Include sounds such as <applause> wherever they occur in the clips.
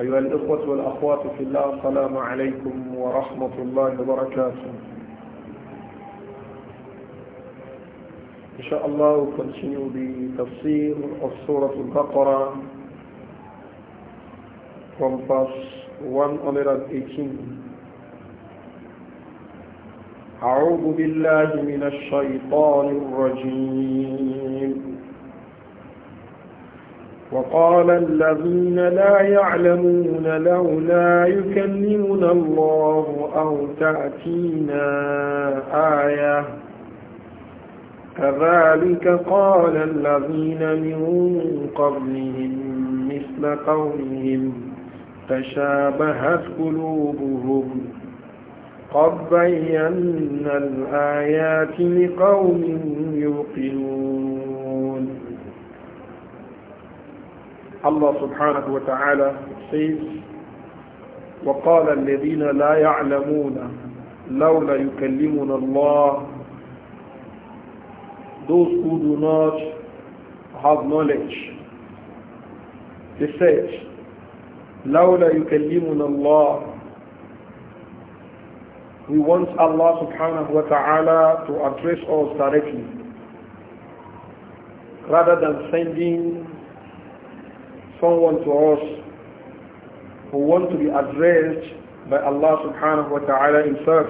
أيها الإخوة والأخوات في الله السلام عليكم ورحمة الله وبركاته إن شاء الله we'll continue بتفسير سورة البقرة from verse 118 أعوذ بالله من الشيطان الرجيم وقال الذين لا يعلمون لولا يكلمنا الله أو تأتينا آية كذلك قال الذين من قبلهم مثل قولهم تشابهت قلوبهم قد بينا الآيات لقوم يوقنون Allah subhanahu wa ta'ala says, وقال الذين لا يعلمون لولا يُكَلِّمُنَ الله those who do not have knowledge they said لولا Allah.' الله we want Allah subhanahu wa ta'ala to address us directly rather than sending someone to us who want to be addressed by Allah subhanahu wa ta'ala himself.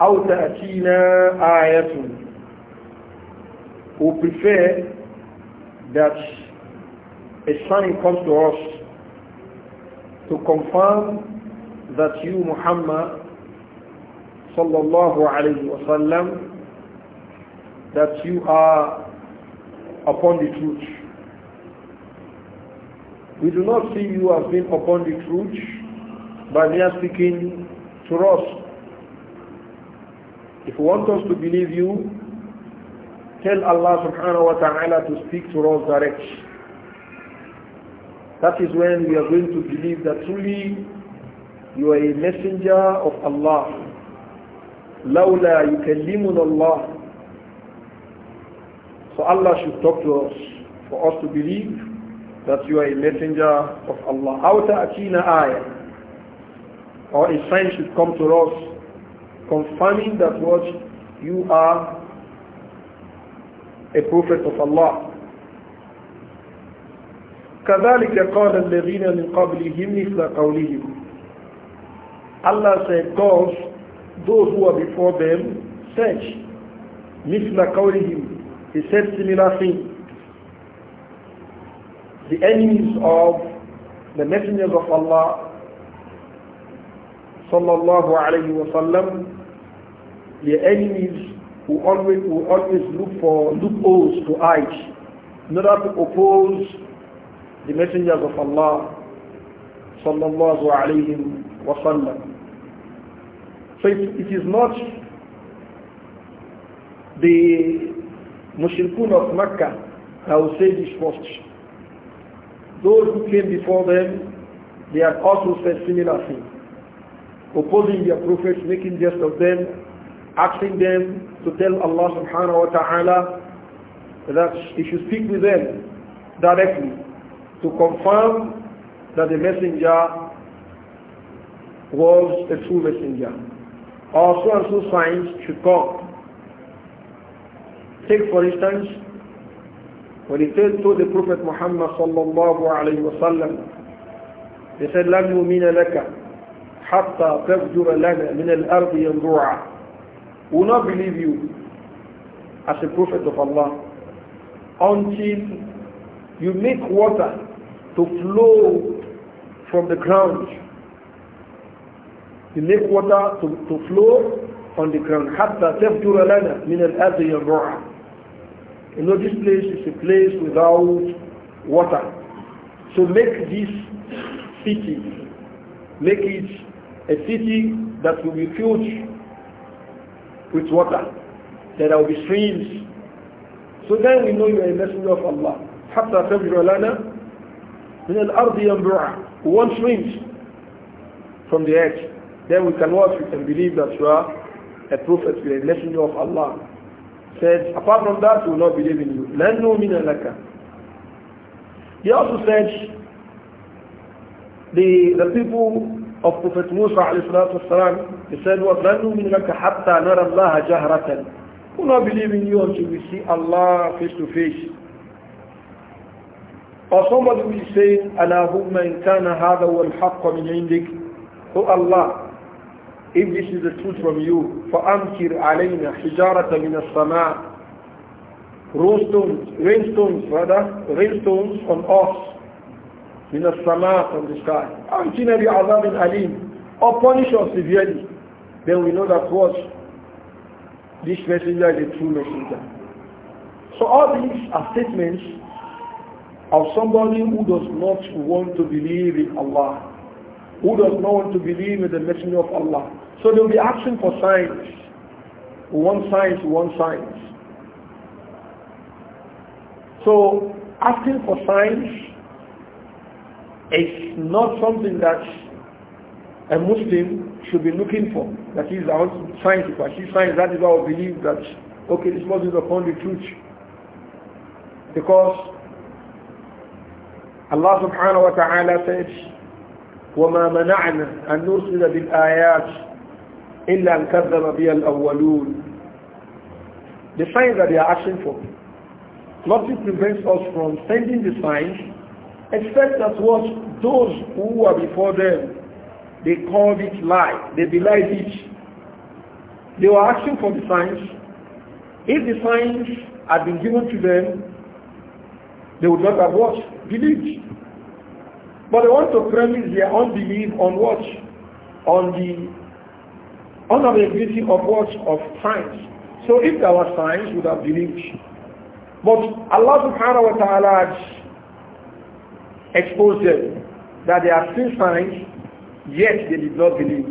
أو تأتينا آية who prefer that a sign comes to us to confirm that you Muhammad sallallahu alayhi wasallam that you are upon the truth we do not see you as being upon the truth by mere speaking to us. If you want us to believe you, tell Allah subhanahu wa ta'ala to speak to us directly. That is when we are going to believe that truly you are a messenger of Allah. لولا يكلمنا الله so Allah should talk to us for us to believe that you are a messenger of Allah. Outer Atina ayah. Or a sign should come to us confirming that what you are a prophet of Allah. كذلك قال الذين من قبلهم مثل قولهم Allah said cause those who were before them said مثل قولهم he said similar thing the enemies of the messengers of Allah sallallahu alayhi wasallam, the enemies who always, who always look for loopholes to hide in order to oppose the messengers of Allah sallallahu alayhi wasallam. So it, it is not the mushrikun of Mecca that will say this first. Those who came before them, they had also said similar things, opposing their prophets, making jest of them, asking them to tell Allah subhanahu wa ta'ala that he should speak with them directly to confirm that the messenger was a true messenger. Or so and so signs should come. Take for instance, when he said to the Prophet Muhammad sallallahu alayhi wa sallam, he said, لَنْ يُؤْمِنَ لَكَ حَتَّى تَفْجُرَ لَنَا مِنَ الْأَرْضِ يَنْظُرَ Will not believe you as a prophet of Allah until you make water to flow from the ground. You make water to, to flow on the ground. حَتَّى تَفْجُرَ لَنَا مِنَ الْأَرْضِ يَنْظُرَ you know, this place is a place without water. So make this city, make it a city that will be filled with water. That there will be streams. So then we know you are a messenger of Allah. حتى تبجر لنا من الأرض ينبع one streams from the edge. then we can watch we can believe that you are a prophet you are a messenger of Allah said, apart from that, we will not believe in you. لَنْ نُؤْمِنَ لَكَ He also said, the, the people of Prophet Musa والسلام, he said, what وَلَنْ نُؤْمِنَ لَكَ حَتَّى نَرَى اللَّهَ جَهْرَةً We will not believe in you until we see Allah face to face. Or somebody will say, أَلَا هُمَّ إِنْ كَانَ هَذَا وَالْحَقَّ مِنْ عِنْدِكَ Oh Allah, if this is the truth from you, فَأَمْكِرْ عَلَيْنَا حِجَارَةً مِنَ السَّمَاءِ Rainstones, rainstones rather, rainstones from us, مِنَ السَّمَاءِ from the sky. أَمْكِنَا بِعَذَابٍ أَلِيمٍ Or punish us severely. Then we know that what? This messenger is a true messenger. So all these are statements of somebody who does not want to believe in Allah, who does not want to believe in the messenger of Allah, so they'll be asking for signs. We want signs, we want signs. So asking for signs is not something that a Muslim should be looking for. That is, I want signs. If I see signs, that is our I believe that, okay, this must be upon the truth. Because Allah subhanahu wa ta'ala says, وَمَا مَنَعْنَا أَن نُرْسِلَ بِالْآيَاتِ إلا أن كذب بي الأولون the signs that they are asking for. Nothing prevents us from sending the signs, except that what those who were before them, they called it lie, they belied it. They were asking for the signs. If the signs had been given to them, they would not have what? Believed. But they want to premise their unbelief on what? On the honorability of what? Of signs. So if there were signs, we would have believed. But Allah subhanahu wa ta'ala exposed them that they are still signs, yet they did not believe.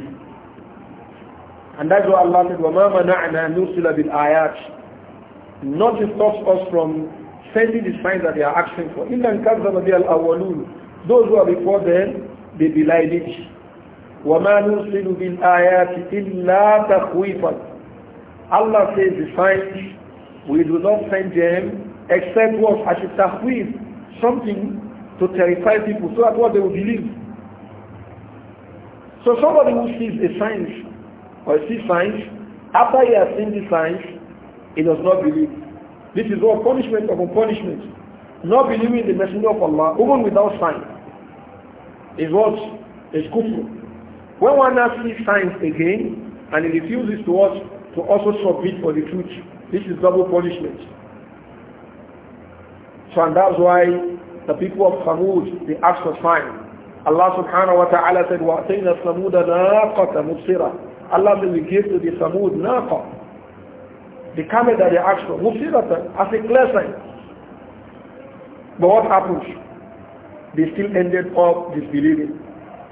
And that's why Allah said, وَمَا مَنَعْنَا نُرْسِلَ بِالْآيَاتِ Nothing stops us from sending the signs that they are asking for. إِلَّا كَذَّبَ بِهَا الْأَوَّلُونَ Those who are before them, they belied it. وَمَا نُرْسِلُ بِالْآيَاتِ إِلَّا تَخْوِيفًا Allah says the signs, we do not send them except what? As a tahweef, something to terrify people so that what they will believe. So somebody who sees a sign or sees signs, after he has seen the signs, he does not believe. This is all punishment upon punishment. Not believing the messenger of Allah, even without sign, is what? Is for when one actually signs again and he refuses to, us, to also submit for the truth, this is double punishment. So and that's why the people of Samud they asked for sign. Allah subhanahu wa ta'ala said, وَأَتَيْنَا ثَمُودَ نَاقَةَ مُبْصِرَةً Allah said, we give to the Samud naqa. The camel that they asked for, مُبْصِرَةً, as a clear sign. But what happens? They still ended up disbelieving.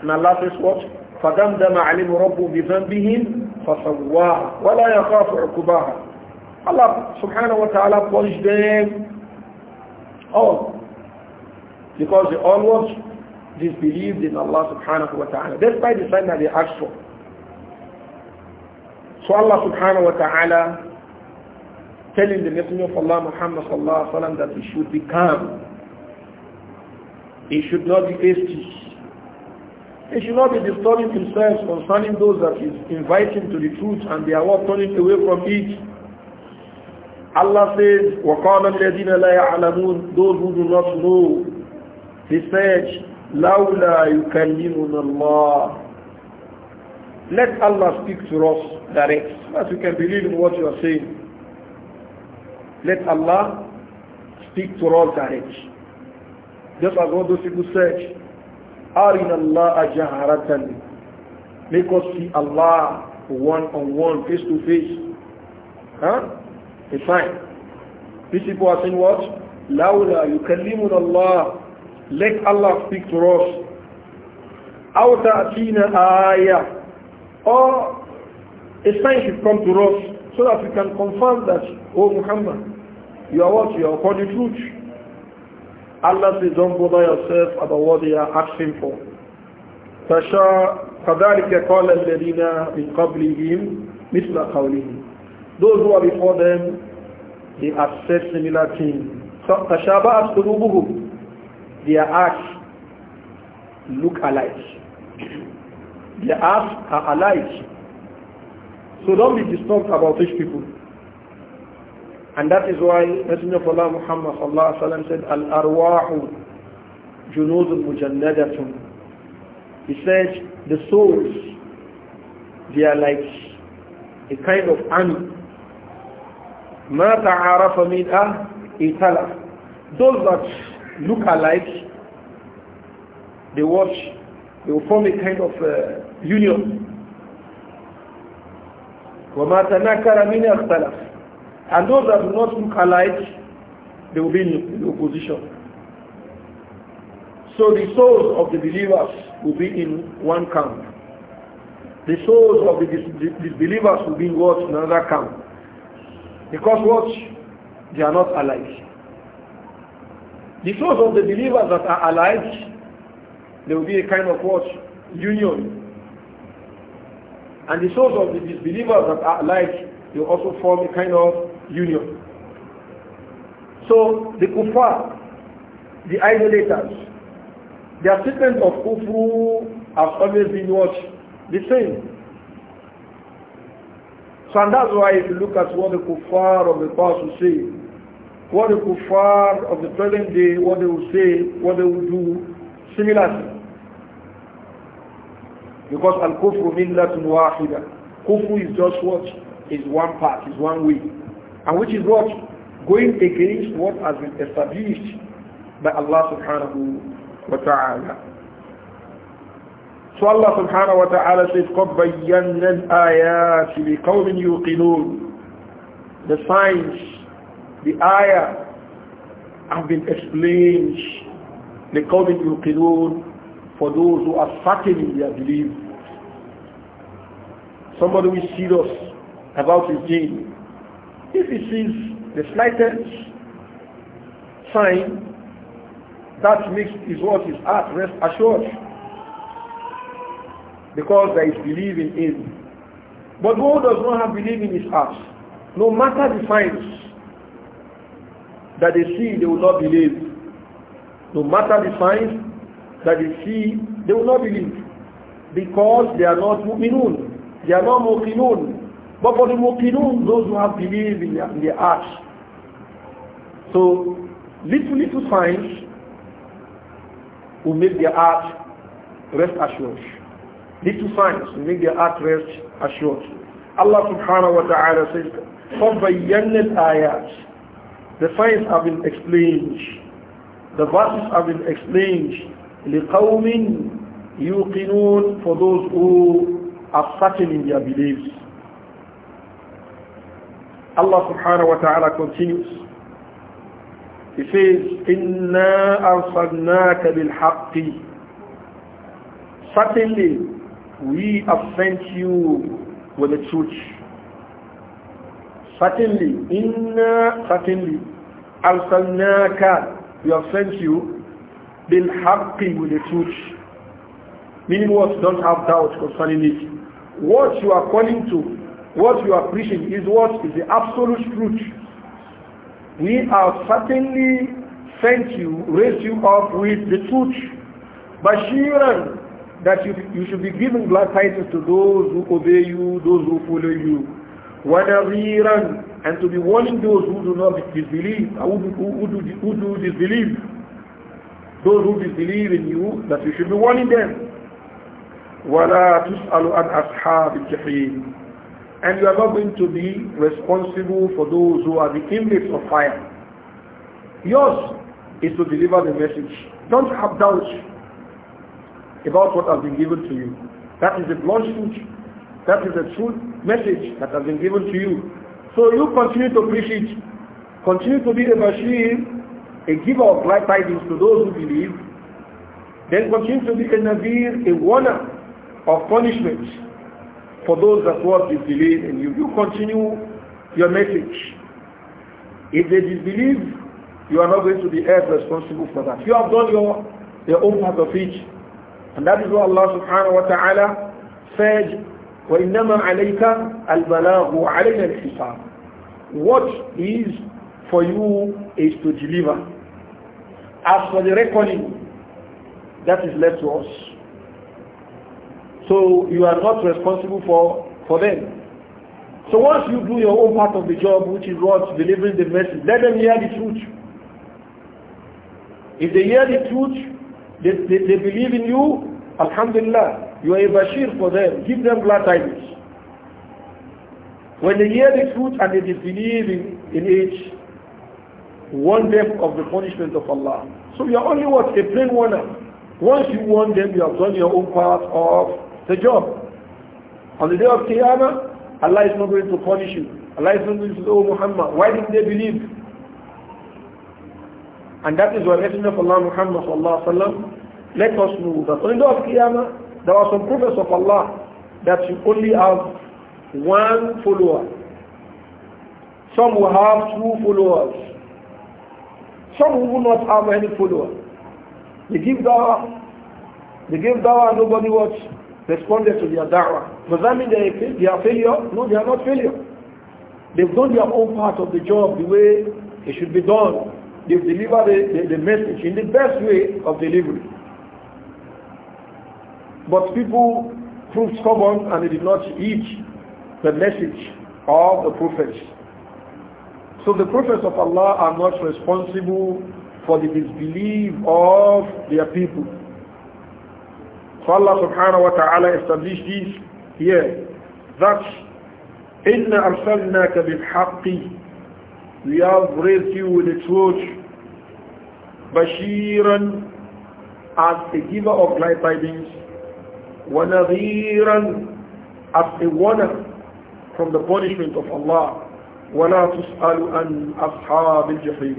And Allah says what? فدمدم عليهم ربه بذنبهم فسواها ولا يخاف عقباها Allah subhanahu wa ta'ala punished them all because they always disbelieved in Allah subhanahu wa ta'ala why the sign that they asked for. So Allah subhanahu wa ta'ala telling the Messenger of Allah Muhammad sallallahu عليه وسلم that he should be calm. He should not be hasty. It should not be disturbing himself concerning those that is inviting to the truth and they are all turning away from it. Allah says, وَقَالَ الَّذِينَ لَا يَعْلَمُونَ Those who do not know, he said, لَوْلَا يُكَلِّمُنَ اللَّهِ Let Allah speak to us direct, that we can believe in what you are saying. Let Allah speak to us direct. Just as what those people said, أرنا Allah جهرة make us see Allah one on one face to face huh it's fine these people are saying what لولا with Allah. let Allah speak to us أو تأتينا aya or a time should come to us so that we can confirm that oh Muhammad you are what you are for the truth Allah says, don't bother yourself about what they are asking for. فَذَلِكَ قَالَ الَّذِينَ مِنْ قَبْلِهِمْ مِثْلَ قَوْلِهِمْ Those who are before them, they have said similar things. فَشَابَعَتْ قُلُوبُهُمْ Their acts look alike. Their acts are alike. So don't be disturbed about these people. And that is why Messenger of Allah Muhammad sallallahu alaihi wasallam said, "Al arwahu junudun mujannadatun." He said, "The souls, they are like a kind of army. ما تعرف منها itala. Those that look alike, they watch, they will form a kind of uh, union. وما تنكر منها اختلف and those that do not look alike, they will be in opposition. So the souls of the believers will be in one camp. The souls of the disbelievers will be in what? Another camp. Because what? They are not alike. The souls of the believers that are alike, there will be a kind of what? Union. And the souls of the disbelievers that are alike, they will also form a kind of union. So the kuffar, the idolaters, their treatment of kufru has always been what? The same. So and that's why if you look at what the kuffar of the past will say, what the kuffar of the present day, what they will say, what they will do, similarly. Because al-kufru millatun wahida. Kufru is just what? Is one path, is one way and which is what? Going against what has been established by Allah subhanahu wa ta'ala. So Allah subhanahu wa ta'ala says, قَدْ بَيَّنَّا الْآيَاتِ لِقَوْمٍ يُوقِنُونَ The signs, the ayah have been explained لِقَوْمٍ يُوقِنُونَ for those who are certain in their belief. Somebody see us about his deen, if he sees the slightest sign that makes his what his heart rest assured because there is belief in him. But who does not have belief in his heart? No matter the signs that they see, they will not believe. No matter the signs that they see, they will not believe because they are not mu'minun. They are not mu'minun. But for the muqinun, those who have believed in the, in the So little, little signs will make their heart rest assured. Little signs will make their heart rest assured. Allah subhanahu wa ta'ala says, فَبَيَّنَّ الْآيَاتِ The signs have been explained. The verses have been explained. لِقَوْمٍ يُوقِنُونَ For those who are certain in their beliefs. Allah subhanahu wa ta'ala continues. He says, Inna arsalnaka bil haqqi. Certainly, we have sent you with the truth. Certainly, inna certainly, arsalnaka, we have sent you bil haqqi with the truth. Meaning what? Don't have doubt concerning it. What you are calling to, what you are preaching is what is the absolute truth. We have certainly sent you, raised you up with the truth. Bashiran, that you, you should be given glad tidings to those who obey you, those who follow you. Wanaviran, and to be warning those who do not disbelieve, who do, who, do, who do disbelieve. Those who disbelieve in you, that you should be warning them. وَلَا تُسْأَلُ عَنْ أَصْحَابِ الْجَحِيمِ and you are not going to be responsible for those who are the inmates of fire. Yours is to deliver the message. Don't have doubts about what has been given to you. That is the blessing. That is the true message that has been given to you. So you continue to preach it. Continue to be a machine, a giver of glad tidings to those who believe. Then continue to be a Nazir, a warner of punishments for those that what you believe in you. You continue your message. If they disbelieve, you are not going to be held responsible for that. You have done your, your own part of it. And that is what Allah subhanahu wa ta'ala said, وَإِنَّمَا عَلَيْكَ الْبَلَاغُ وَعَلَيْنَا الْحِسَابُ What is for you is to deliver. As for the reckoning, that is left to us. So you are not responsible for, for them. So once you do your own part of the job, which is what? Delivering the message. Let them hear the truth. If they hear the truth, they, they, they believe in you, Alhamdulillah, you are a bashir for them. Give them glad tidings. When they hear the truth and they disbelieve in, in it, warn them of the punishment of Allah. So you are only what? A plain warner. Once you warn them, you have done your own part of the job. On the day of Qiyamah, Allah is not going to punish you. Allah is not going to say, oh Muhammad, why didn't they believe? And that is why Messenger of Allah Muhammad sallallahu sallam, let us know that on the day of Qiyamah, there are some prophets of Allah that you only have one follower. Some will have two followers. Some will not have any follower. They give dawah. They give dawah nobody watch responded to their da'wah. Does that mean they, they are failure? No, they are not failure. They've done their own part of the job the way it should be done. They've delivered the, the, the message in the best way of delivery. But people proved stubborn and they did not heed the message of the prophets. So the prophets of Allah are not responsible for the disbelief of their people. So Allah subhanahu wa ta'ala established this here. That إِنَّ أَرْسَلْنَاكَ بِالْحَقِّ We have raised you with the truth. Bashiran as a giver of glad tidings. وَنَذِيرًا as a warner from the punishment of Allah. وَلَا تُسْأَلُ عَنْ أَصْحَابِ الْجَحِيمِ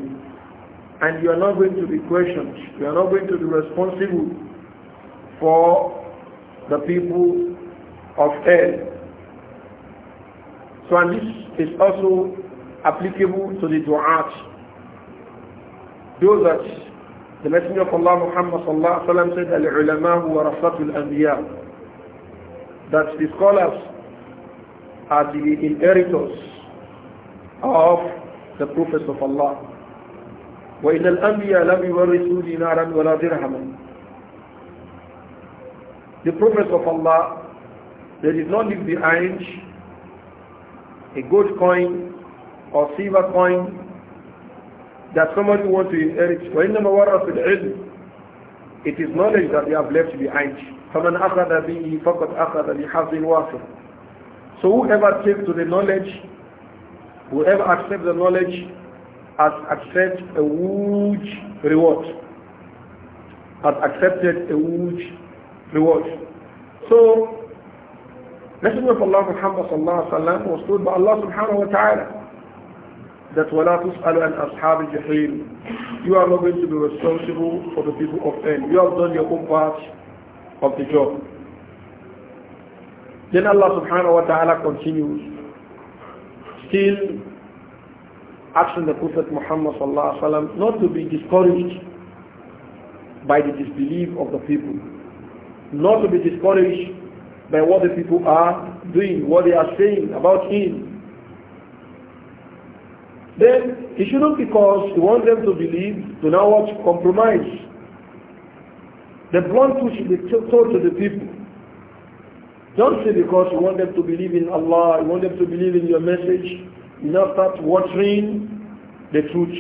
And you are not going to be questioned. You are not going to be responsible for the people of hell. So and this is also applicable to the du'at. Those that the Messenger of Allah Muhammad sallallahu said, "Al-ulama wa rasatul anbiya." That the scholars are the inheritors of the prophets of Allah. وَإِنَّ الْأَنْبِيَاءَ لَمْ يُوَرِثُوا دِينَارًا وَلَا دِرْهَمًا the promise of Allah, they did not leave behind a gold coin or silver coin that somebody wants to inherit. وَإِنَّمَا the الْعِلْمِ It is knowledge that they have left behind. فَمَنْ أَخَذَ بِهِ فَقَدْ أَخَذَ بِحَظٍ وَافِرٍ So whoever takes to the knowledge, whoever accepts the knowledge, has accepted a huge reward. Has accepted a huge reward. So, Messenger of Allah Muhammad sallallahu alaihi wasallam was told by Allah subhanahu wa ta'ala that وَلَا تُسْأَلُ أَنْ أَصْحَابِ الْجَحِيمِ You are not going to be responsible for the people of hell. You have done your own part of the job. Then Allah subhanahu wa ta'ala continues, still asking the Prophet Muhammad sallallahu alaihi wasallam not to be discouraged by the disbelief of the people not to be discouraged by what the people are doing, what they are saying about him. Then it shouldn't because you want them to believe, to now Compromise. The blunt truth should be told to the people. Don't say because you want them to believe in Allah, you want them to believe in your message, you now start watering the truth.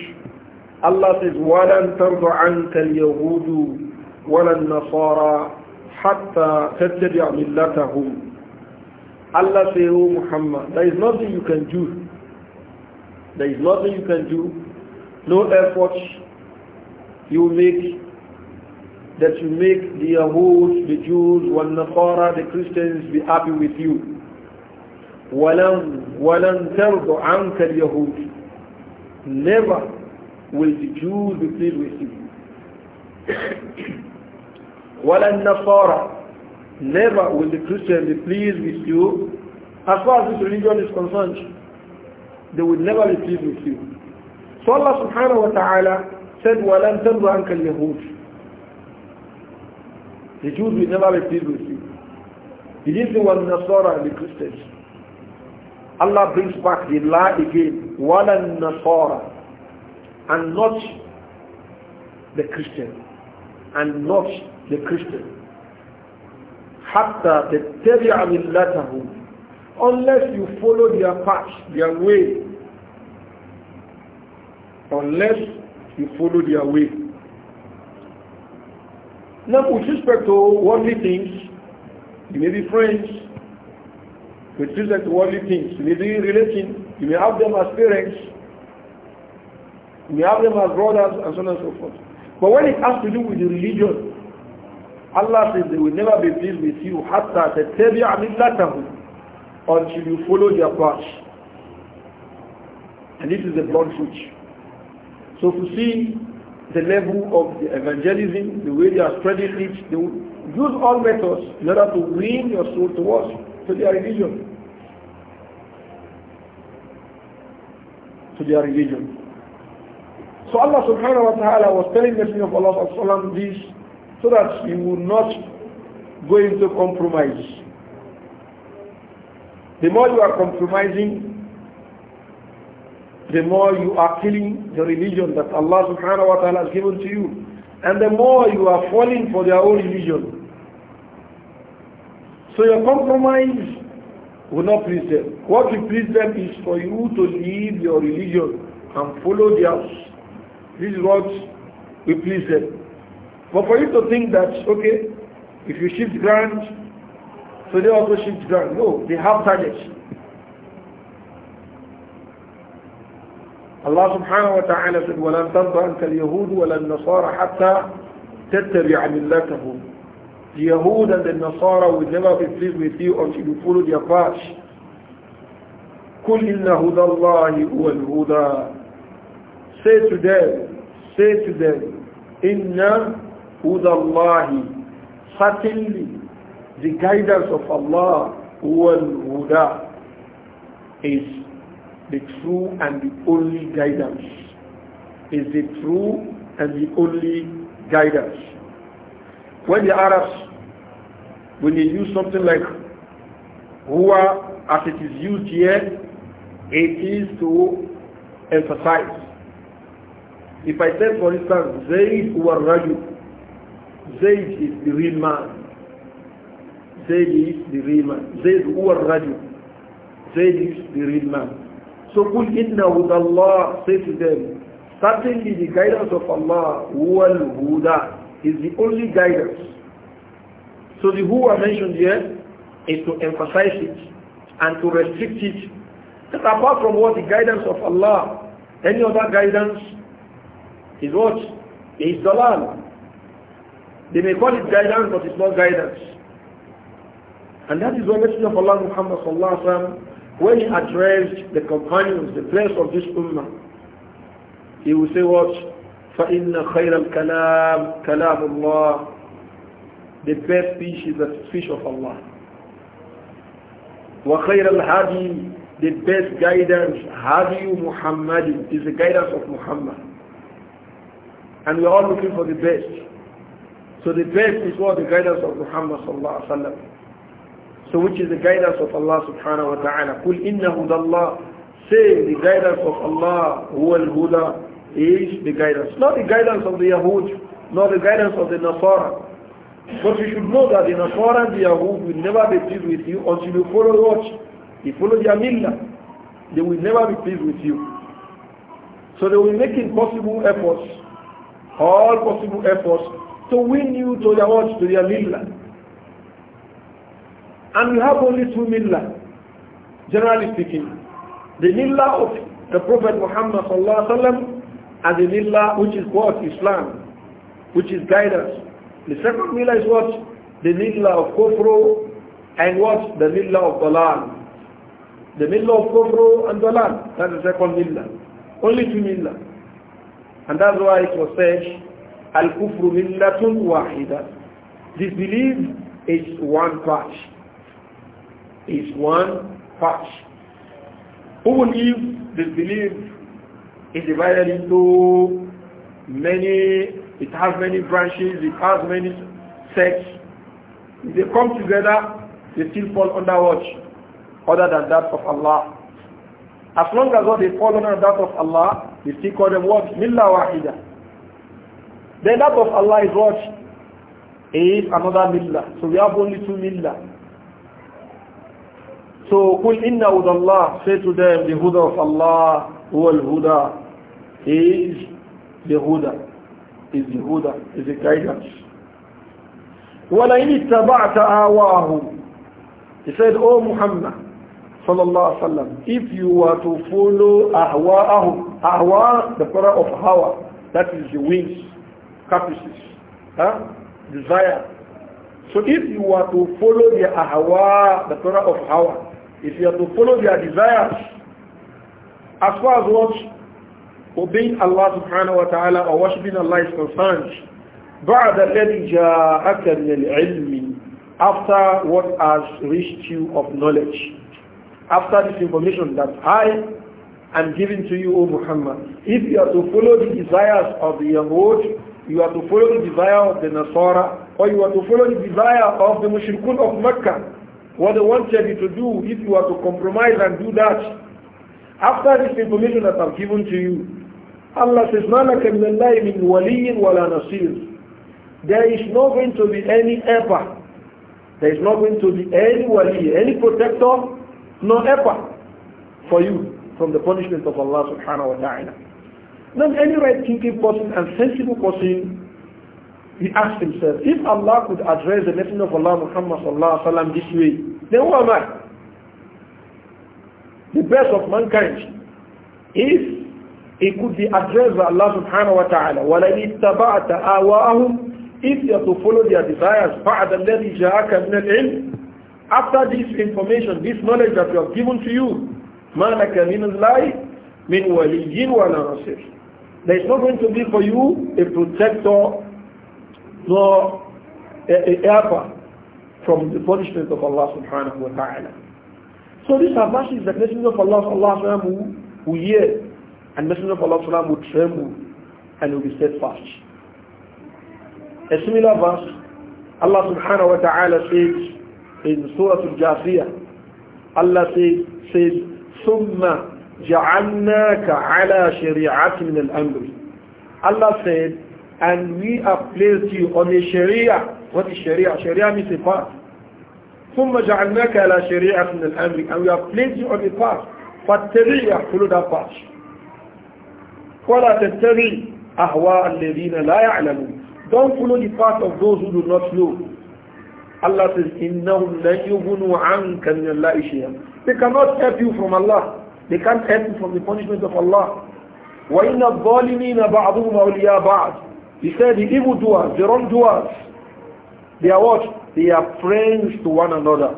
Allah says, وَلَنْ تَرْضَ عَنْكَ الْيَهُودُ وَلَا النَّصَارَى hatta tattabi'a millatahum Allah say oh Muhammad there is nothing you can do there is nothing you can do no effort you make that you make the Yahoos, the Jews, one Nasara, the Christians be happy with you. وَلَنْ وَلَنْ تَرْضُ عَنْكَ الْيَهُودِ Never will the Jews be pleased with you. <coughs> وَلَا النَّصَارَى Never will the Christian be pleased with you. As far as this religion is concerned, they will never be pleased with you. So Allah subhanahu wa ta'ala said, وَلَنْ تَنْبَ عَنْكَ الْيَهُودِ The Jews will never be pleased with you. He the not Nasara and the Christians. Allah brings back the lie again, وَلَا النَّصَارَى and not the Christian and not the Christian. حَتَّى the مِلَّتَهُمْ Unless you follow their path, their way. Unless you follow their way. Now with respect to worldly things, you may be friends. With respect to worldly things, you may be relating. You may have them as parents. You may have them as brothers and so on and so forth. But when it has to do with the religion, Allah says they will never be pleased with you hatta tatabi'a millatahum until you follow their path. And this is the blunt switch. So to see the level of the evangelism, the way they are spreading it, they use all methods in order to win your soul towards to their religion. To their religion. So Allah subhanahu wa ta'ala was telling the Messenger of Allah this so that you will not go into compromise. The more you are compromising, the more you are killing the religion that Allah subhanahu wa ta'ala has given to you. And the more you are falling for their own religion. So your compromise will not please them. What will please them is for you to leave your religion and follow theirs. This is what will please them. But for you to think that, okay, if you shift ground, so they also shift ground. No, they have targets. Allah subhanahu wa ta'ala said, وَلَنْ تَرْضَ أَنْكَ الْيَهُودُ وَلَا النَّصَارَ حَتَّى تَتَّبِعَ مِلَّتَهُمْ The Yahud and the Nasara will never be pleased with you until you follow their path. قُلْ إِنَّ هُدَى اللَّهِ هُوَ الْهُدَى Say to them, say to them, إِنَّ Hudallahi. Certainly, the guidance of Allah, Huwal Huda, is the true and the only guidance. Is the true and the only guidance. When the Arabs, when they use something like Huwa as it is used here, it is to emphasize. If I say, for instance, Zayd Huwa Rajul, Zayd is the real man. Zayd is the real man. Zayd الرجل. Zayd is the real man. So قل إن هدى الله say to them, certainly the guidance of Allah هو الهدى is the only guidance. So the who are mentioned here is to emphasize it and to restrict it. That apart from what the guidance of Allah, any other guidance is what? Is dalal. They may call it guidance, but it's not guidance. And that is what Messenger of Allah Muhammad sallallahu alaihi wasallam, when he addressed the companions, the place of this ummah, he would say what? فَإِنَّ خَيْرَ الْكَلَامِ كَلَامُ اللَّهِ The best fish is the fish of Allah. وَخَيْرَ الْهَادِي The best guidance, هَادِي Muhammad, is the guidance of Muhammad. And we are all looking for the best. So the best is what the guidance of Muhammad sallallahu alaihi wasallam. So which is the guidance of Allah subhanahu wa ta'ala. Qul inna hudallah. Say the guidance of Allah, who al-huda, is the guidance. Not the guidance of the Yahud, not the guidance of the Nasara. But you should know that the Nasara and the Yahud will never be pleased with you until you follow what? You follow the millah. They will never be pleased with you. So they will make impossible efforts, all possible efforts to win you to their watch, to their millah. And we have only two millah, generally speaking. The millah of the Prophet Muhammad sallallahu and the millah which is what? Islam, which is guidance. The second millah is what? The millah of kufru and what? The millah of dalal. The millah of kufru and dalal. That's the second millah. Only two millah. And that's why it was said al-kufru millatun wahida. Disbelief is one patch. Is one patch. Even if disbelief is divided into many, it has many branches, it has many sects, if they come together, they still fall under watch other than that of Allah. As long as what they fall under that of Allah, they still call them what? Millah wahida. Then that of Allah is what? Is another millah. So we have only two millah. So قُلْ إِنَّ هُدَى اللَّهِ Say to them, the huda of Allah, هو huda is the huda, is the huda, is the guidance. وَلَئِنِ اتَّبَعْتَ آوَاهُمْ He said, O Muhammad, sallallahu alaihi wasallam, if you were to follow ahwa'ahum, ahwa, the product of hawa, that is the wings, caprices, huh? desire. So if you are to follow the ahawa, the Torah of Hawa, if you are to follow their desires, as far as what obeying Allah subhanahu wa ta'ala or worshipping Allah is concerned, بعد الذي جاءك من العلم after what has reached you of knowledge, after this information that I am giving to you, O Muhammad, if you are to follow the desires of the world. You are to follow the desire of the Nasara, or you are to follow the desire of the Mushrikun of Mecca. What they wanted you to do if you are to compromise and do that. After this information that I've given to you, Allah says, مَا لَكَ مِنَ اللَّهِ in وَلِيٍّ وَلَا There is not going to be any ever. There is not going to be any wali, any protector, no ever for you from the punishment of Allah subhanahu wa ta'ala. Then any right-thinking person and sensible person, he asks himself, if Allah could address the Messenger of Allah Muhammad sallallahu alaihi this way, then who am I? The best of mankind. If it could be addressed by Allah subhanahu wa ta'ala, وَلَئِنِ اتَّبَعْتَ آوَاءَهُمْ If you are to follow their desires, بَعْدَ الَّذِي جَاءَكَ مِنَ الْعِلْمِ After this information, this knowledge that we have given to you, مَا لَكَ مِنَ اللَّهِ مِنْ وَلِيٍّ وَلَا نَصِرٍ there is not going to be for you a protector nor a, a helper from the punishment of Allah subhanahu wa ta'ala. So this are verses that Messenger of Allah Subhanahu alayhi wa will hear and Messenger of Allah sallallahu will tremble and will be steadfast. A similar verse, Allah subhanahu wa ta'ala says in Surah Al-Jafiyah, Allah says, says ثُمَّ جعلناك ala shari'at min al Allah said, and we have placed you on a sharia. What is sharia? Sharia means a path. ثم جعلناك على شريعة من الأمر and we have placed you on a path فاتبعها follow that path ولا تتبع أهواء الذين لا يعلمون don't follow the path of those who do not know Allah says إنهم لن يغنوا عنك من الله شيئا they cannot help you from Allah They can't help you from the punishment of Allah. وَإِنَّ الظَّالِمِينَ بَعْضُهُمْ أَوْلِيَاءَ بَعْضٍ He said, the evil doers, the wrongdoers, they are what? They are friends to one another.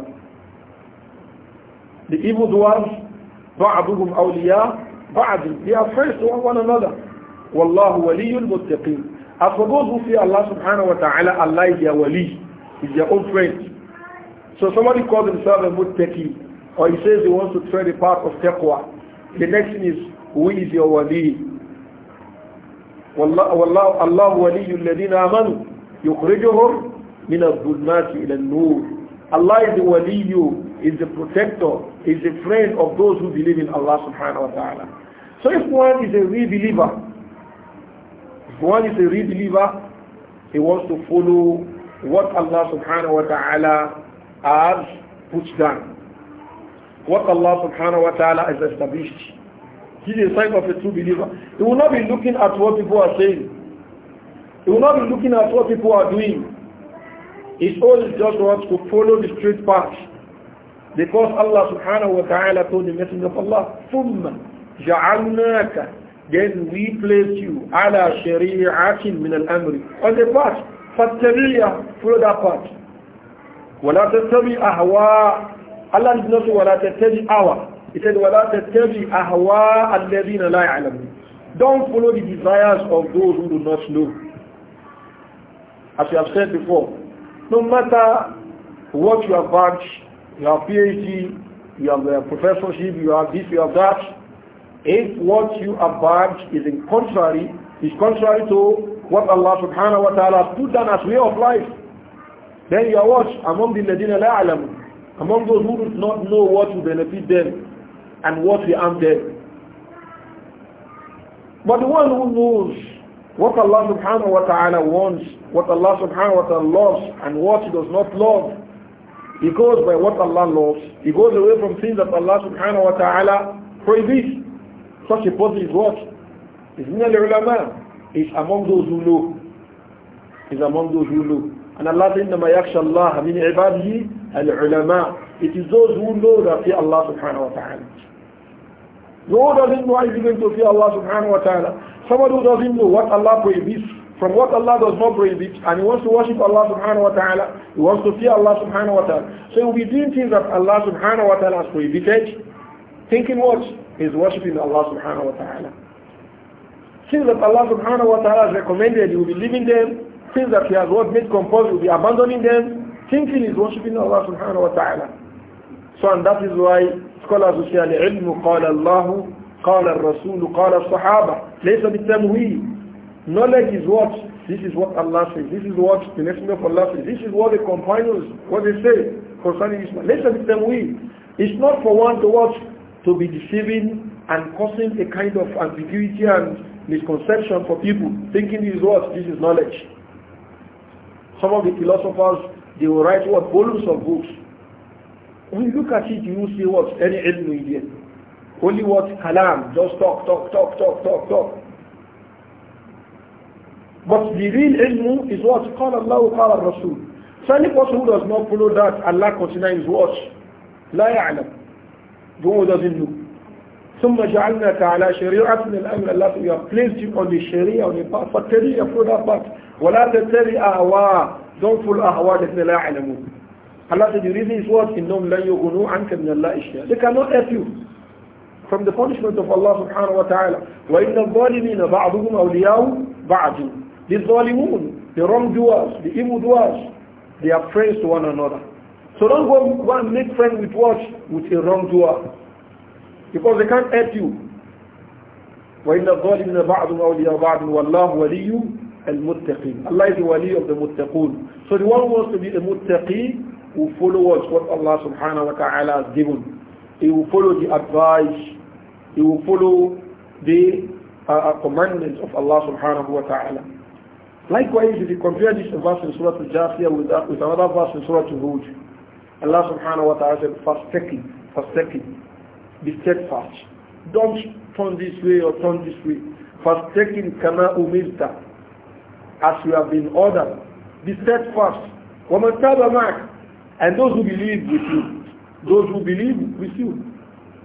The evil doers, بَعْضُهُمْ أَوْلِيَاءَ بَعْضٍ They are friends to one another. وَاللَّهُ وَلِيُّ الْمُتَّقِينَ As for those who fear Allah subhanahu wa ta'ala, Allah is their wali, is their own friend. So somebody calls himself a muttaqi or he says he wants to tread the path of taqwa. The next thing is, who is your wali? والله, والله الله ولي الذين min al من ila إلى النور Allah is the wali is the protector, is the friend of those who believe in Allah subhanahu wa ta'ala. So if one is a real believer, if one is a real believer, he wants to follow what Allah subhanahu wa ta'ala has put down what Allah subhanahu wa ta'ala has established. He is a sign of a true believer. He will not be looking at what people are saying. He will not be looking at what people are doing. His all is just wants to follow the straight path. Because Allah subhanahu wa ta'ala told the Messenger of Allah, ثُمَّ جَعَلْنَاكَ Then we place you على شَرِيعَةٍ مِنَ الْأَمْرِ On the path. فَاتَّبِعْيَا Follow that path. وَلَا تَتَّبِعْ أَهْوَاءَ Allah is not say wala tattabi awa. He said wala tattabi ahwa alladhina la ya'lamun. Don't follow the desires of those who do not know. As you have said before, no matter what you have bagged, you have PhD, you have a uh, professorship, you have this, you have that, if what you have bagged is in contrary, is contrary to what Allah subhanahu wa ta'ala has put down as way of life, then you are what? Among the Ladina la alamun among those who do not know what will benefit them and what will harm them. But the one who knows what Allah subhanahu wa ta'ala wants, what Allah subhanahu wa ta'ala loves and what he does not love, he goes by what Allah loves. He goes away from things that Allah subhanahu wa ta'ala prohibits. Such a person is what? Is min al-ulama. Is among those who know. Is among those who know. And Allah said, إِنَّمَا يَخْشَى اللَّهَ مِنْ عِبَادِهِ الْعُلَمَاء It is those who know that fear Allah subhanahu wa ta'ala. No doesn't know is going to fear Allah subhanahu wa ta'ala. Somebody who doesn't know what Allah prohibits from what Allah does not prohibit and he wants to worship Allah subhanahu wa ta'ala, he wants to fear Allah subhanahu wa ta'ala. So he will be doing things that Allah subhanahu wa ta'ala has prohibited, thinking what? He's worshipping Allah subhanahu wa ta'ala. Things that Allah subhanahu wa ta'ala has recommended, he will be leaving them things that he has what made composed will be abandoning them, thinking is worshipping Allah subhanahu wa ta'ala. So and that is why scholars will say al-ilmu qala Allah, qala al-rasul, qala al-sahaba. Laysa bitamweel. Knowledge is what? This is what Allah says. This is what the Messenger of Allah says. This is what the companions, what they say concerning Islam. Laysa bitamweel. It's not for one to watch to be deceiving and causing a kind of ambiguity and misconception for people thinking this is what? This is knowledge. Some of the philosophers, they will write what volumes of books. When you look at it, you see what any ilm in Only what kalam, just talk, talk, talk, talk, talk, talk. But the real ilm is what allah الله قال Rasul. So any person who does not follow that, Allah considers his watch. la يعلم. The one who doesn't know. ثم جعلناك على شريعة من الأمر we have placed you on the Sharia on the path فاتبع يقول أباك ولا تتبع أهواء don't follow أهواء الذين لا يعلمون Allah said the reason is what إنهم لن يغنوا عنك من الله شيئا they cannot help you from the punishment of Allah subhanahu wa ta'ala وإن الظالمين بعضهم أولياء بعض the ظالمون the wrongdoers the doers, they are friends to one another so don't go and make friends with what with a wrongdoer because they can't help you. وَإِنَّ الظَّالِمِينَ بَعْضُ أَوْلِيَا بَعْضٍ وَاللَّهُ وَلِيُّ الْمُتَّقِينَ Allah is the wali of the muttaqun. So the one who wants to be a muttaqi will follow what Allah subhanahu wa ta'ala has given. He will follow the advice. He will follow the uh, uh commandments of Allah subhanahu wa ta'ala. Likewise, if you compare this verse in Surah Al-Jafiyah with, uh, with another verse in Surah Al-Hud, Allah subhanahu wa ta'ala said, فَاسْتَقِمْ فَاسْتَقِمْ be steadfast. Don't turn this way or turn this way. First taking kama umirta as you have been ordered. Be steadfast. وَمَنْ تَابَ And those who believe with you, those who believe with you,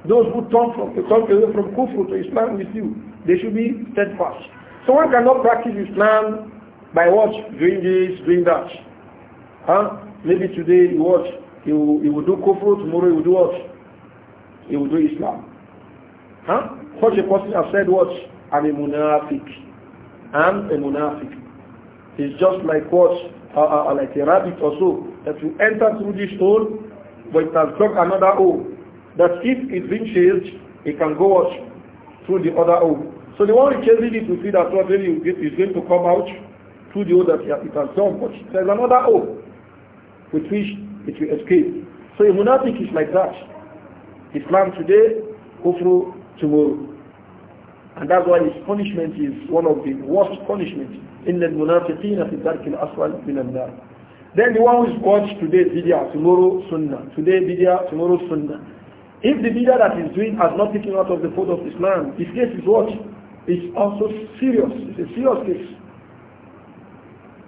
those who turn from turn away from kufr to Islam with you, they should be steadfast. Someone cannot practice Islam by what? Doing this, doing that. Huh? Maybe today he watch, he will, he will do kufr, tomorrow he will do what? he will do Islam. Huh? Such a person has said what? I'm a munafiq. I'm a munafiq. It's just like what? Uh, uh, like a rabbit or so. That you enter through this hole, but it has got another hole. That if it's been chased, it can go out through the other hole. So the one chasing it will see that what really is going to come out through the hole that it has done. But there's another hole with which it will escape. So a munafiq is like that. Islam today, kufru tomorrow. And that's why his punishment is one of the worst punishments. إِنَّ الْمُنَافِقِينَ فِي الدَّرْكِ الْأَسْوَلِ مِنَ النَّارِ Then the one who is watched today bidya, tomorrow sunnah. Today bidya, tomorrow sunnah. If the bidya that is doing has not taken out of the fold of Islam, his case is what? It's also serious. It's a serious case.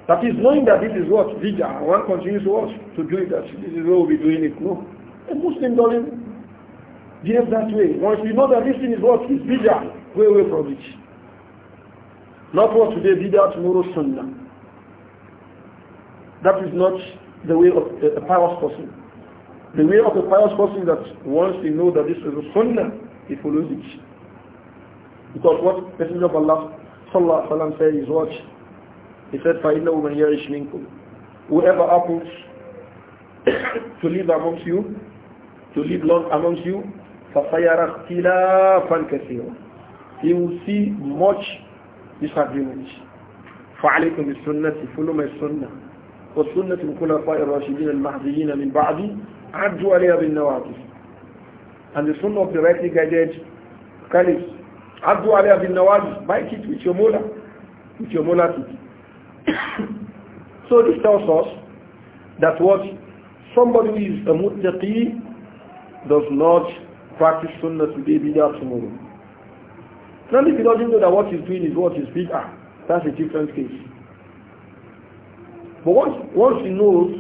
That is knowing that this is what? Bidya. One continues to watch, to do it. That this is what we'll be doing it. No. A Muslim doesn't behave that way. Once you know that this thing is what is bigger, go away from it. Not what today bigger tomorrow sunnah. That is not the way of a pious person. The way of a pious person that once he know that this is a sunnah, he follows it. Because what the Messenger of Allah sallallahu alaihi wasallam said is what? He said, فَإِنَّهُ مَنْ يَعِشْ مِنْكُمْ Whoever happens <coughs> to live amongst you, to live long amongst you, فسيرى اختلافا كثيرا He will see much disagreement. فعليكم بالسنة فلو ما السنة والسنة الخلفاء الراشدين المهديين من بعد عدوا عليها بالنواقص. And the sunnah of the rightly guided caliphs عدوا عليها بالنواقص. Bite it with your molar. With your molar <coughs> so this tells us that what somebody who is a muttaqi does not practice sunnah today, bid'ah tomorrow. Now if he doesn't know that what he's doing is what is bid'ah, that's a different case. But once, once he knows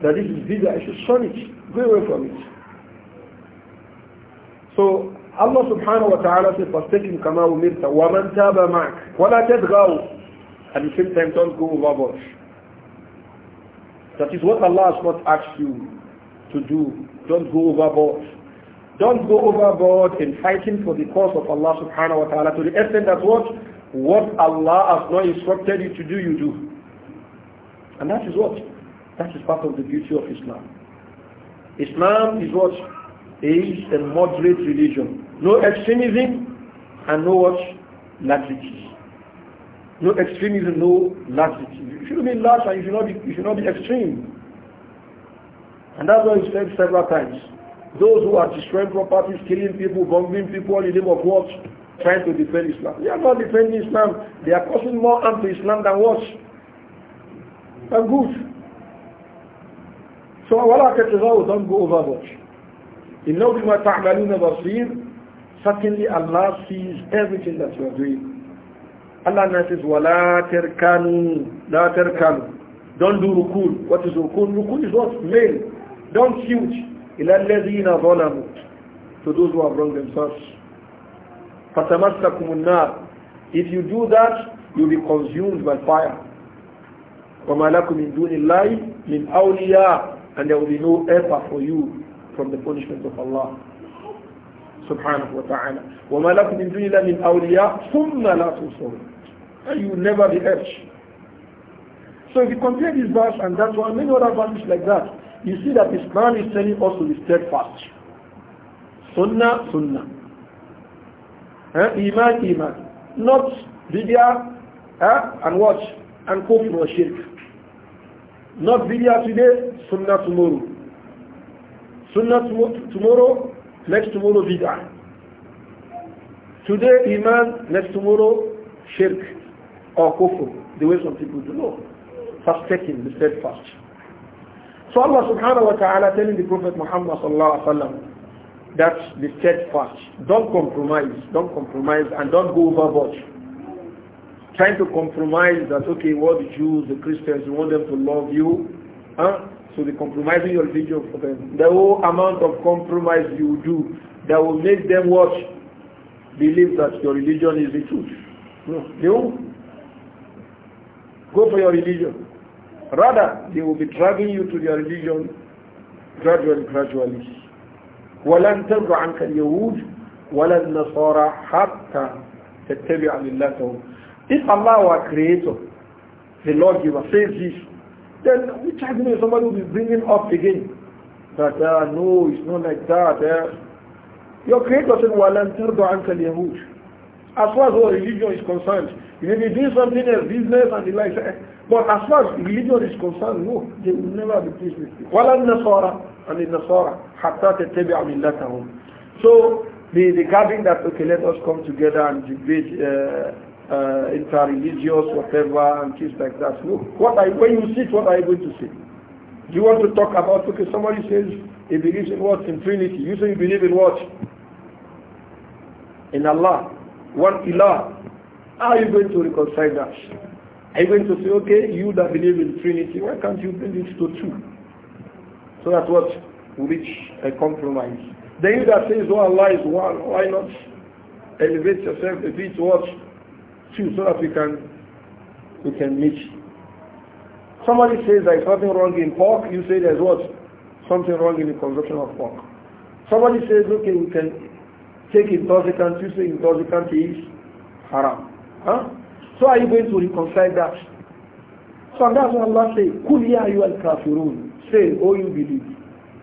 that this is bid'ah, he should shun it, go away from it. So Allah subhanahu wa ta'ala says, فَاسْتَكِمْ كَمَا أُمِرْتَ وَمَنْ تَابَ مَعْكَ وَلَا تَبْغَوْا At the same time, don't go overboard. That is what Allah has not asked you to do. Don't go overboard. Don't go overboard in fighting for the cause of Allah subhanahu wa ta'ala to the extent that what? What Allah has not instructed you to do, you do. And that is what? That is part of the beauty of Islam. Islam is what? Is a moderate religion. No extremism and no what? Laxity. No extremism, no laxity. You shouldn't be lax and you should not be, you should not be extreme. And that's why he said several times. Those who are destroying properties, killing people, bombing people in the name of what? Trying to defend Islam. They are not defending Islam. They are causing more harm to Islam than what? Than good. So ولا تتزاوز oh, don't go overboard. إنه بما never بصير Certainly Allah sees everything that you are doing. Allah says, وَلَا تَرْكَنُوا لَا تَرْكَنُوا Don't do rukun. What is rukun? Rukun is what? Male. Don't shoot. إِلَى الَّذِينَ To those who have wronged themselves. فَتَمَسَّكُمُ النَّارِ If you do that, you'll be consumed by fire. وَمَا لَكُمْ مِن دُونِ اللَّهِ مِنْ أَوْلِيَاءَ And there will be no helper for you from the punishment of Allah. Subhanahu wa ta'ala. وَمَا لَكُمْ مِن دُونِ اللَّهِ مِنْ أَوْلِيَاءَ ثُمَّ لَا تُنصَرُونَ And you will never be hurt. So if you compare this verse and that one, many other verses like that, you see that Islam is telling us to be steadfast. Sunnah, sunnah. Eh? Iman, iman. Not video eh? and watch and for or shirk. Not video today, sunnah tomorrow. Sunnah tom tomorrow, next tomorrow video. Today iman, next tomorrow shirk or kufr. The way some people do. No. Fast taking, be steadfast. So Allah subhanahu wa ta'ala telling the Prophet Muhammad sallallahu alaihi wasallam that the steadfast. Don't compromise. Don't compromise and don't go overboard. Trying to compromise that okay, what the Jews, the Christians, you want them to love you. Huh? So the compromising your religion for them. The whole amount of compromise you do that will make them watch, believe that your religion is the truth. No, hmm. they won't. Go for your religion. Rather, they will be dragging you to their religion gradually, gradually. ولن ترضى عنك اليهود ولا النصارى حتى تتبع ملتهم. If Allah our creator, the lawgiver says this, then which argument somebody will be bringing up again? That uh, no, it's not like that. Uh, your creator said, وَلَنْ تَرْضُ عَنْكَ الْيَهُودِ As far as our religion is concerned, you may be doing something else, business and the like. Eh? But as far as religion is concerned, no, they will never be pleased with you. وَلَا النَّصَارَ and the Nasara حَتَّى تَتَّبِعَ مِلَّتَهُم So the, the gathering that, okay, let us come together and debate uh, uh, inter-religious, whatever, and things like that. No. What are when you sit, what are you going to say? Do you want to talk about, okay, somebody says he believes in what? In Trinity. You say you believe in what? In Allah. One Ilah. How are you going to reconcile that? Are you going to say, okay, you that believe in Trinity, why can't you bring it to two? So that's what we reach a compromise. Then you that says, oh Allah is one, why not elevate yourself a bit towards two so that we can we can meet. Somebody says there is nothing wrong in pork, you say there's what? Something wrong in the consumption of pork. Somebody says, okay, we can take intoxicant, you say intoxicant is haram. Huh? So are you going to reconcile that? So that's what Allah says, Kul ya ayu al kafirun. Say, oh you believe.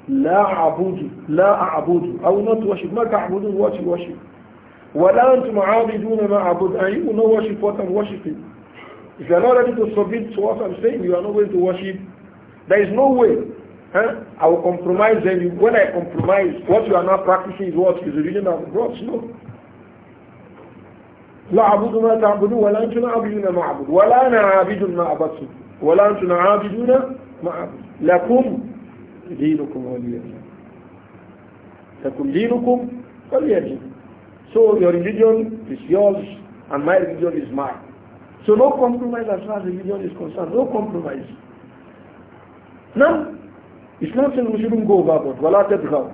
لا a'budu, لا a'budu. I will not worship. Ma ta'budun what you worship. ولا la antum a'abiduna ma a'budu. And you will not worship what I'm worshiping. If you are not ready to submit to what I'm saying, you are not going to worship. There is no way. Huh? I will compromise and when I compromise, what you are not practicing is what is the religion I've brought. No. لا أعبد ما تعبدون ولا أنتم عابدون ما أعبد ولا أنا عابد ما عبدتم ولا أنتم عابدون ما أعبد لكم دينكم ولي لكم دينكم ولي دين So your religion is yours and my religion is mine. So no compromise as far as religion is concerned. No compromise. Now, Islam says we shouldn't go overboard. Wala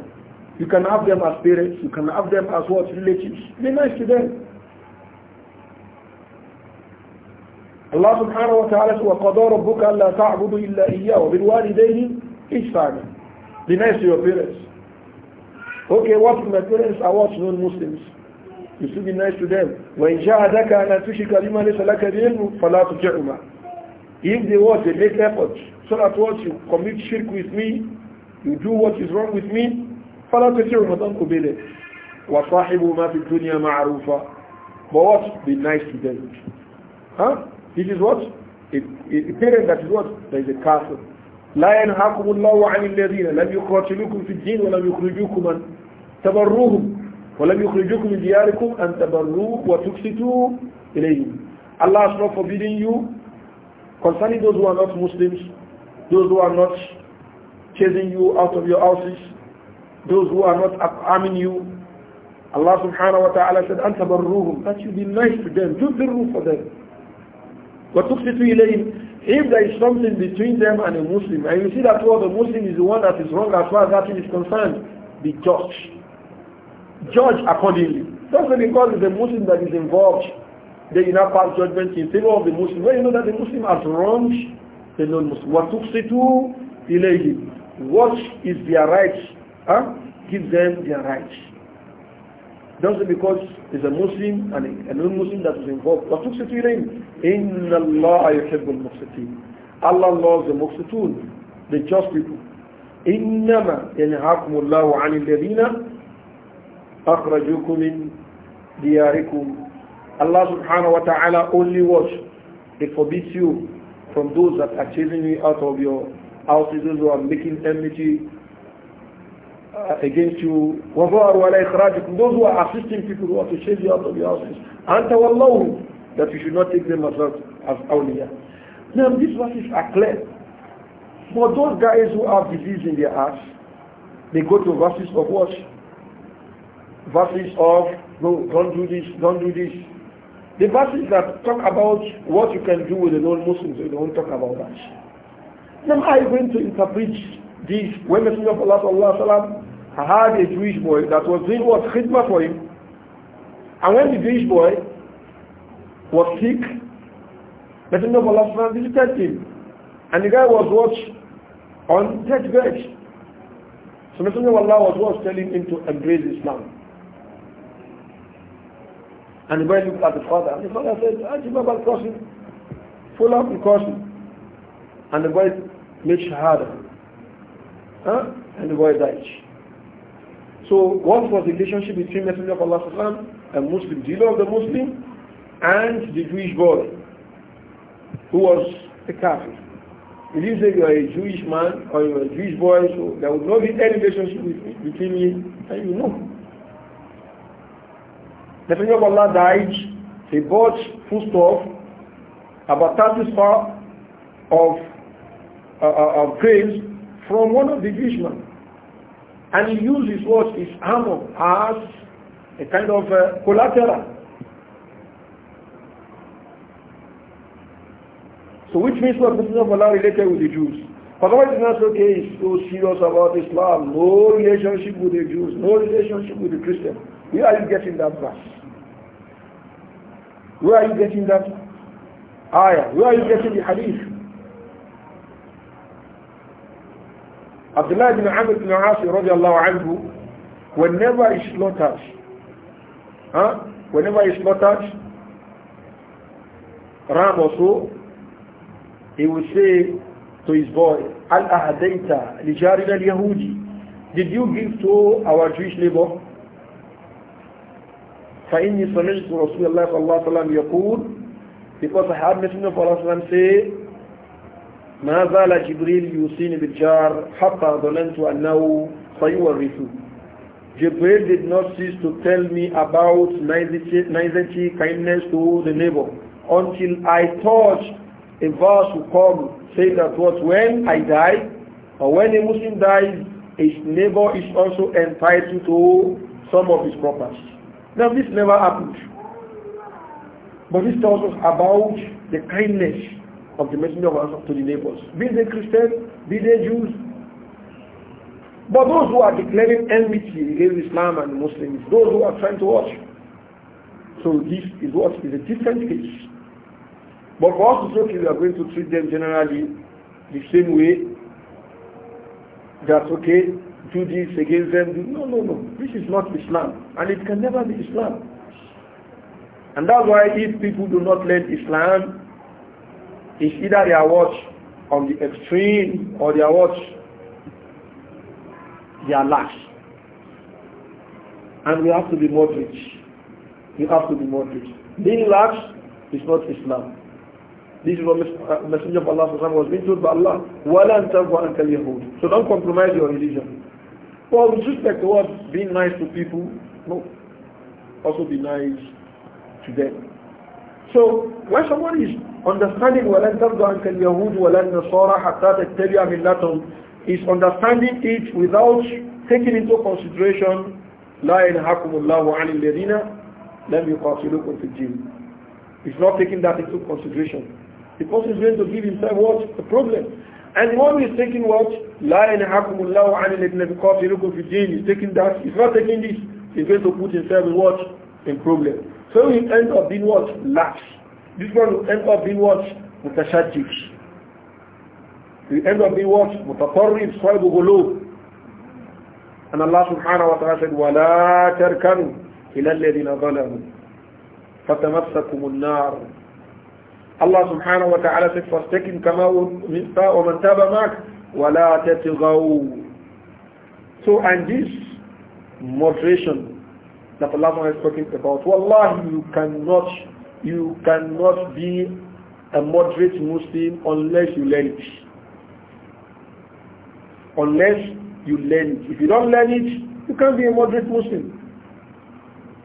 You can have them as parents. You can have them as what? Relatives. Be nice to them. الله سبحانه وتعالى وقضى ربك ألا تعبد إلا إياه وبالوالدين إحسانا لناس your parents. Okay, what my parents are what non-Muslims. You should be nice to them. وَإِنْ جَاهَدَكَ أَنَا تشرك لِمَا لَيْسَ لَكَ بِعِلْمُ فَلَا تُطِعْهُمَا If they want, they make effort. So that what you commit shirk with me, you do what is wrong with me, فَلَا تُطِعْهُمَا Don't obey them. وَصَاحِبُهُمَا فِي الدُّنْيَا مَعْرُوفًا But what? Be nice to them. Huh? This is what? A, a that is what? There is a castle. لا ينهاكم الله عن الذين لم يقاتلوكم في الدين ولم يخرجوكم أن تبروهم ولم يخرجوكم من دياركم أن تبروا وتقسطوا إليهم Allah is not forbidding you concerning those who are not Muslims, those who are not chasing you out of your houses, those who are not harming you. Allah subhanahu wa ta'ala said, أَنْ تَبَرُّوهُمْ That you be nice to them, do the rule for them. وَتُقْسِتُ إِلَيْهِمْ If there is something between them and a Muslim, and you see that well, the Muslim is the one that is wrong as far as that is concerned, be judged. Judge accordingly. Just because it's a Muslim that is involved, they now pass judgment in favor of the Muslim. When you know that the Muslim has wronged the non-Muslim. what وَتُقْسِتُ إِلَيْهِمْ What is their rights? Huh? Give them their rights. Just because he's a Muslim and a non-Muslim that is involved. وَتُقْسِتُ إِلَيْهِمْ إِنَّ اللَّهَ يُحِبُّ الْمُقْسِتِينَ Allah loves the muqsitun, the just people. إِنَّمَا يَنْهَاكُمُ اللَّهُ عَنِ الَّذِينَ أَخْرَجُوكُمْ مِنْ دِيَارِكُمْ Allah subhanahu wa ta'ala only watch. He forbids you from those that are chasing you out of your houses, who are making enmity against you. وَظَهَرُوا عَلَى إِخْرَاجِكُمْ Those who are assisting people who are to save you out of your houses. أَنْتَ وَاللَّهُ That you should not take them as, as awliya. Now these verses are clear. For those guys who have disease in their hearts, they go to verses of what? Verses of, no, don't do this, don't do this. The verses that talk about what you can do with the non-Muslims, they don't talk about that. Now, how are you going to interpret this? When Messenger of Allah I had a Jewish boy that was doing what? Khidmah for him. And when the Jewish boy was sick, Messenger of Allah visited him. And the guy was watched on that bed. So Messenger of Allah was what? Telling him to embrace Islam. And the boy looked at the father. And the father said, Ajib ah, about crossing. Full up the crossing. And the boy made shahada. Huh? And the boy died. So what was the relationship between Messenger of Allah Sallam and Muslim, the leader of the Muslim and the Jewish boy who was a Kafir? If you say you are a Jewish man or you are a Jewish boy, so there would not be any relationship between you and you No. Messenger of Allah died, he bought foodstuff, about 30 far of, uh, uh, of grains from one of the Jewish men. And he uses what is armor as a kind of uh, collateral. So which means what this is of Allah related with the Jews. But why is not okay, he's so serious about Islam, no relationship with the Jews, no relationship with the Christian. Where are you getting that verse? Where are you getting that ayah? Where are you getting the hadith? Abdullah ibn Amr ibn Asi radiallahu anhu, whenever he slaughtered, huh? whenever he slaughtered, ram or so, he will say to his boy, Al-Ahadaita, Lijarin al-Yahudi, did you give to our Jewish neighbor? فإني سمعت رسول الله صلى الله عليه وسلم يقول because I heard Messenger of Allah say ما زال جبريل يوصيني بالجار حتى ظننت أنه سيورثه Jibril did not cease to tell me about nicety, kindness to the neighbor until I thought a verse would come say that was when I die or when a Muslim dies, his neighbor is also entitled to some of his property. Now this never happened. But this tells us about the kindness of the messenger of to the neighbors. Be they Christian, be they Jews. But those who are declaring enmity against Islam and Muslims, those who are trying to watch. So this is what is a different case. But for us to say we are going to treat them generally the same way, that's okay, do this against them. No, no, no. This is not Islam. And it can never be Islam. And that's why if people do not learn Islam, is either their watch on the extreme or their watch their lack. And we have to be rich. We have to be rich. Being lax is not Islam. This is what uh, Messenger of Allah was being told by Allah. and tell أَنْكَ الْيَهُودِ So don't compromise your religion. Well, with respect to Being nice to people? No. Also be nice to them. So when someone is understanding وَلَنْ تَرْضَ عَنْكَ الْيَهُودُ وَلَنْ نَصَارَ حَتَّى تَتَّبِعَ مِلَّتَهُمْ is understanding it without taking into consideration لَا يَنْهَاكُمُ اللَّهُ عَنِ الَّذِينَ لَمْ يُقَاتِلُوكُمْ فِي الدِّينِ He's not taking that into consideration. The person is going to give himself what? The problem. And the one who is taking what? لَا يَنْهَاكُمُ اللَّهُ عَنِ الَّذِينَ يُقَاتِلُوكُمْ فِي الدِّينِ He's taking that. He's not taking this. He's going to put himself in what? In problem. So he ends up being what? Last. This one will end up being what? Mutashaddid. Will end up being what? Mutatarrib, Swaibu Gulub. And Allah subhanahu wa ta'ala said, وَلَا تَرْكَنُوا إِلَى الَّذِينَ ظَلَمُوا فَتَمَسَّكُمُ النَّارُ Allah subhanahu wa ta'ala said, فَاسْتَكِمْ كَمَا وَمَنْ تَابَ مَعْكَ وَلَا تَتِغَوُوا So, and this moderation that Allah is talking about, wallahi, you cannot you cannot be a moderate Muslim unless you learn it. Unless you learn it. If you don't learn it, you can't be a moderate Muslim.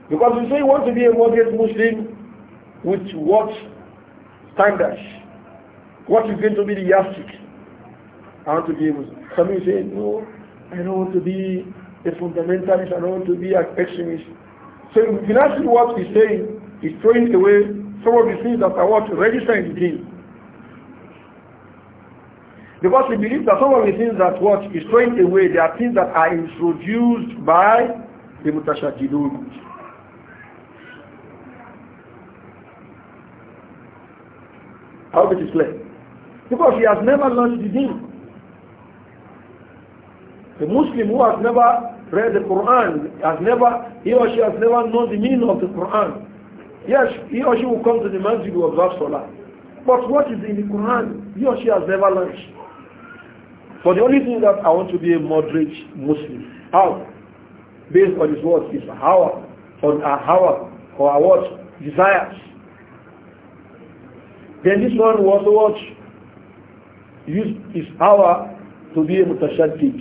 Because you say you want to be a moderate Muslim with what standards? What is going to be the yardstick? I want to be a Muslim. Some you say, no, I don't want to be a fundamentalist, I don't want to be an extremist. So you can ask what he's saying is throwing away some of the things that are what register in the deen. Because we believe that some of the things that what is throwing away, they are things that are introduced by the mutashadidun. How it is clear? Because he has never learned the deen. The Muslim who has never read the Quran, has never, he or she has never known the meaning of the Quran. Yes, he or she will come to the masjid to observe Salah. But what is in the Quran? He or she has never learned. So the only thing that I want to be a moderate Muslim. How? Based on his words, is hour, on our hour, or our what? Desires. Then this one was also watch Use his power to be a mutashaddid.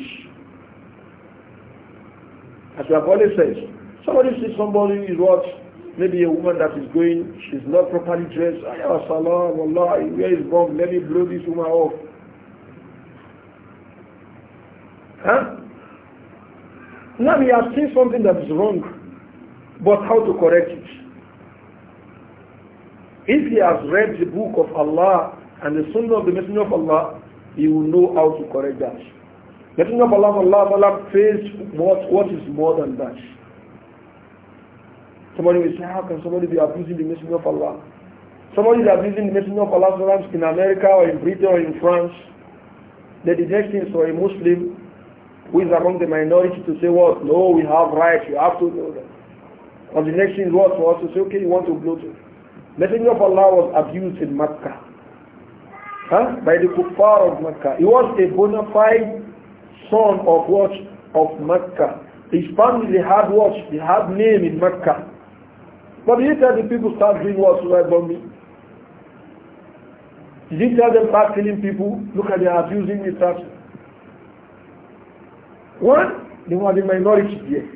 As we have always said, somebody sees somebody is what? Maybe a woman that is going, she's not properly dressed. Ayah ah, salam, Allah, where is bomb? Let me blow this woman off. Huh? Now we have seen something that is wrong, but how to correct it? If he has read the book of Allah and the Sunnah of the Messenger of Allah, he will know how to correct that. The Messenger of Allah, Allah, Allah faced what, what is more than that. Somebody will say, how can somebody be abusing the messenger of Allah? Somebody is abusing the messenger of Allah sometimes in America or in Britain or in France. next thing is for a Muslim who is among the minority to say, well, no, we have rights, you have to do that. And the next thing is what for us to say, okay, you want to blow to. Messenger of Allah was abused in Mecca. Huh? By the kuffar of Mecca. He was a bona fide son of what? Of Mecca. His family had what? They had name in Mecca. But he tell the people start doing what were me? Did he tell them start killing people? Look at they are abusing the staff. One, they were the minority there.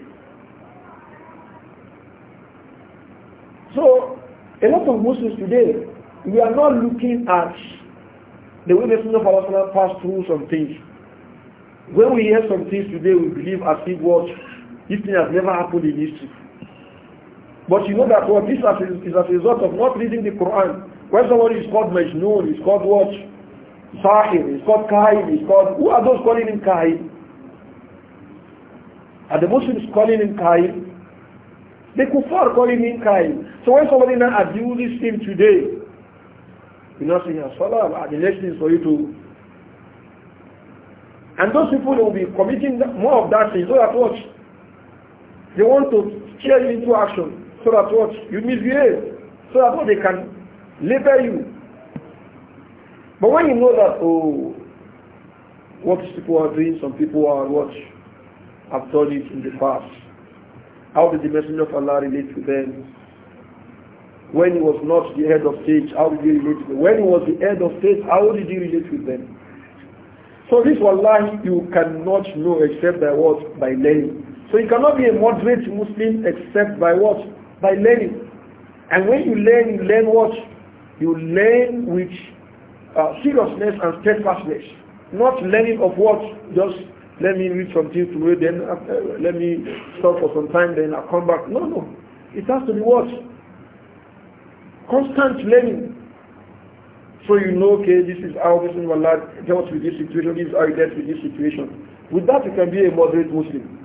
So, a lot of Muslims today, we are not looking at the way the Sunnah of Allah passed through some things. When we hear some things today, we believe as if what, this thing has never happened in history. But you know that what this is as a result of not reading the Quran. When somebody is called Majnun, is called what? Sahir, is called Kahib, is called... Who are those calling him Kahib? Are the Muslims calling him Kahib? The Kufar calling him Kahib. So when somebody now abuses him today, you know, saying, Salah, the next thing for you to... And those people will be committing more of that thing. So that what? They want to steer you into action so that what you misbehave, so that what they can label you. But when you know that oh, what people are doing, some people are what have done it in the past. How did the Messenger of Allah relate to them? When he was not the head of state, how did he relate to them? When he was the head of state, how did he relate with them? So this wallahi you cannot know except by what? By learning. So you cannot be a moderate Muslim except by what? by learning. And when you learn, you learn what? You learn with uh, seriousness and steadfastness. Not learning of what? Just let me read something today, then uh, uh, let me stop for some time, then I'll come back. No, no. It has to be what? Constant learning. So you know, okay, this is how this is my life dealt with this situation, this is how I dealt with this situation. With that, you can be a moderate Muslim.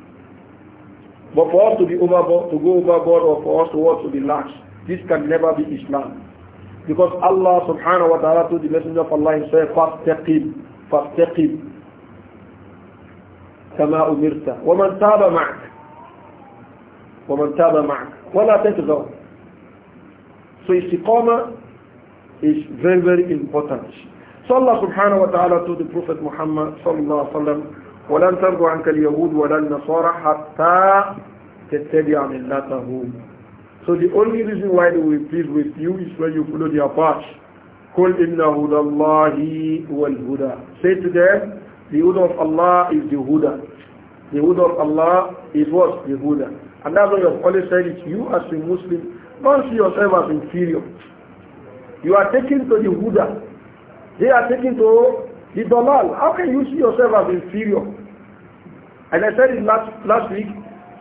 But for us to be overboard, to go overboard, or for us to want to be lax, this can never be Islam. Because Allah subhanahu wa ta'ala to the Messenger of Allah himself, فَاسْتَقِمْ فَاسْتَقِمْ كما أمرت ومن تاب معك ومن تاب معك ولا تتغوا So istiqama is very very important. So Allah subhanahu wa ta'ala to the Prophet Muhammad sallallahu ولن عنك اليهود ولا النصارى حتى تتبع ملتهم So the only reason why they will please with you is when you follow their path. قل إن هدى الله هو الهدى. Say to them, the Huda of Allah is the Huda. The Huda of Allah is what? The Huda. And that's why I've always said it. You as a Muslim, don't see yourself as inferior. You are taken to the Huda. They are taken to the Dalal. How can you see yourself as inferior? And I said it last, last week,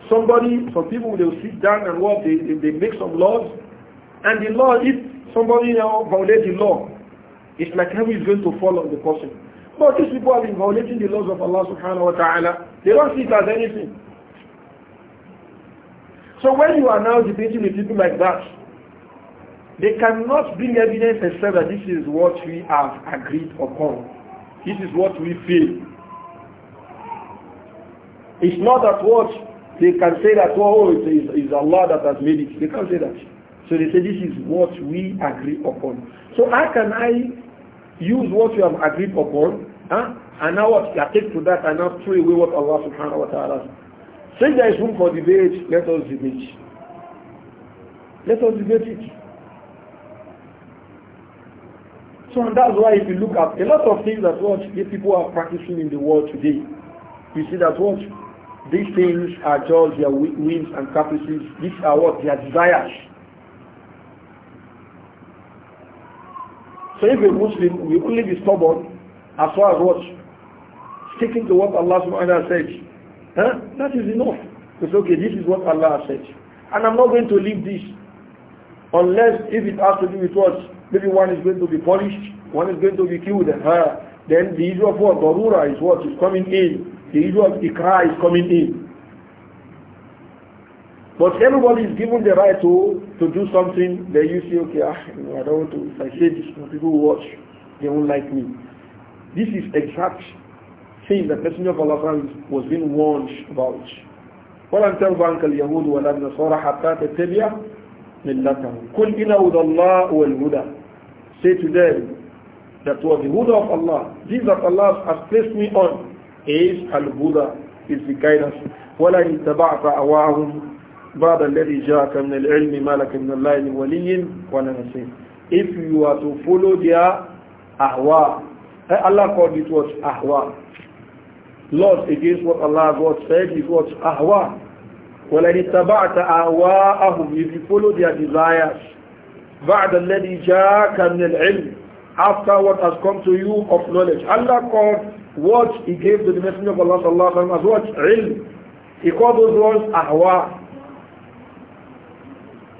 somebody, some people they will sit down and what, they, they make some laws. And the law, if somebody now violates the law, it's like heaven is going to fall on the person. But these people have been violating the laws of Allah subhanahu wa ta'ala. They don't see it as anything. So when you are now debating with people like that, they cannot bring evidence and say that this is what we have agreed upon. This is what we feel. It's not that what they can say that, oh, oh it is, Allah that has made it. They can't say that. So they say this is what we agree upon. So how can I use what you have agreed upon huh? and now what, I take to that and now throw away what Allah subhanahu wa ta'ala Since there is room for debate, let us debate. Let us debate it. So and that's why if you look at a lot of things that what people are practicing in the world today, you see that what these things are just their whims and caprices. These are what their desires. So if a Muslim will only be stubborn as far as what? Sticking to what Allah subhanahu wa ta'ala Huh? That is enough. It's okay, this is what Allah has said, And I'm not going to leave this. Unless if it has to do with what? Maybe one is going to be punished, one is going to be killed, huh? then the issue of what? Darura is what is coming in the issue of ikra is coming in. But everybody is given the right to, to do something. They you say, okay, ah, you know, I don't want to, if I say this, people will watch, they won't like me. This is exact thing the Messenger of Allah was being warned about. ولن ترضى عنك اليهود ولا النصارى حتى تتبع ملتهم قل إن هدى الله والهدى say to them that was the huda of Allah this that Allah has placed me on is al-Buddha, is the guidance. وَلَا اتَّبَعْتَ أَوَاهُمْ بعد الذي جاءك من العلم ما لك من الله من ولا نصير if you are to follow their ahwa eh, Allah called it what ahwa lost against what Allah God said is what ahwa ولن اتبعت أهواءهم if you follow their desires بعد الذي جاءك من العلم after what has come to you of knowledge Allah called what he gave to the Messenger of Allah sallallahu alayhi wa as what? Ilm. He called those words ahwa.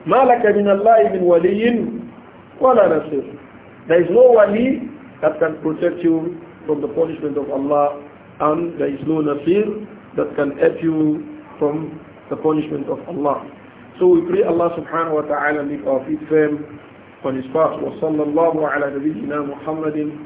مَا لَكَ مِنَ اللَّهِ مِنْ waliyin, وَلَا نَصِرٍ There is no wali that can protect you from the punishment of Allah and there is no nasir that can help you from the punishment of Allah. So we pray Allah subhanahu wa ta'ala make our feet firm on his path. وَصَلَّى اللَّهُ عَلَى نَبِيِّنَا مُحَمَّدٍ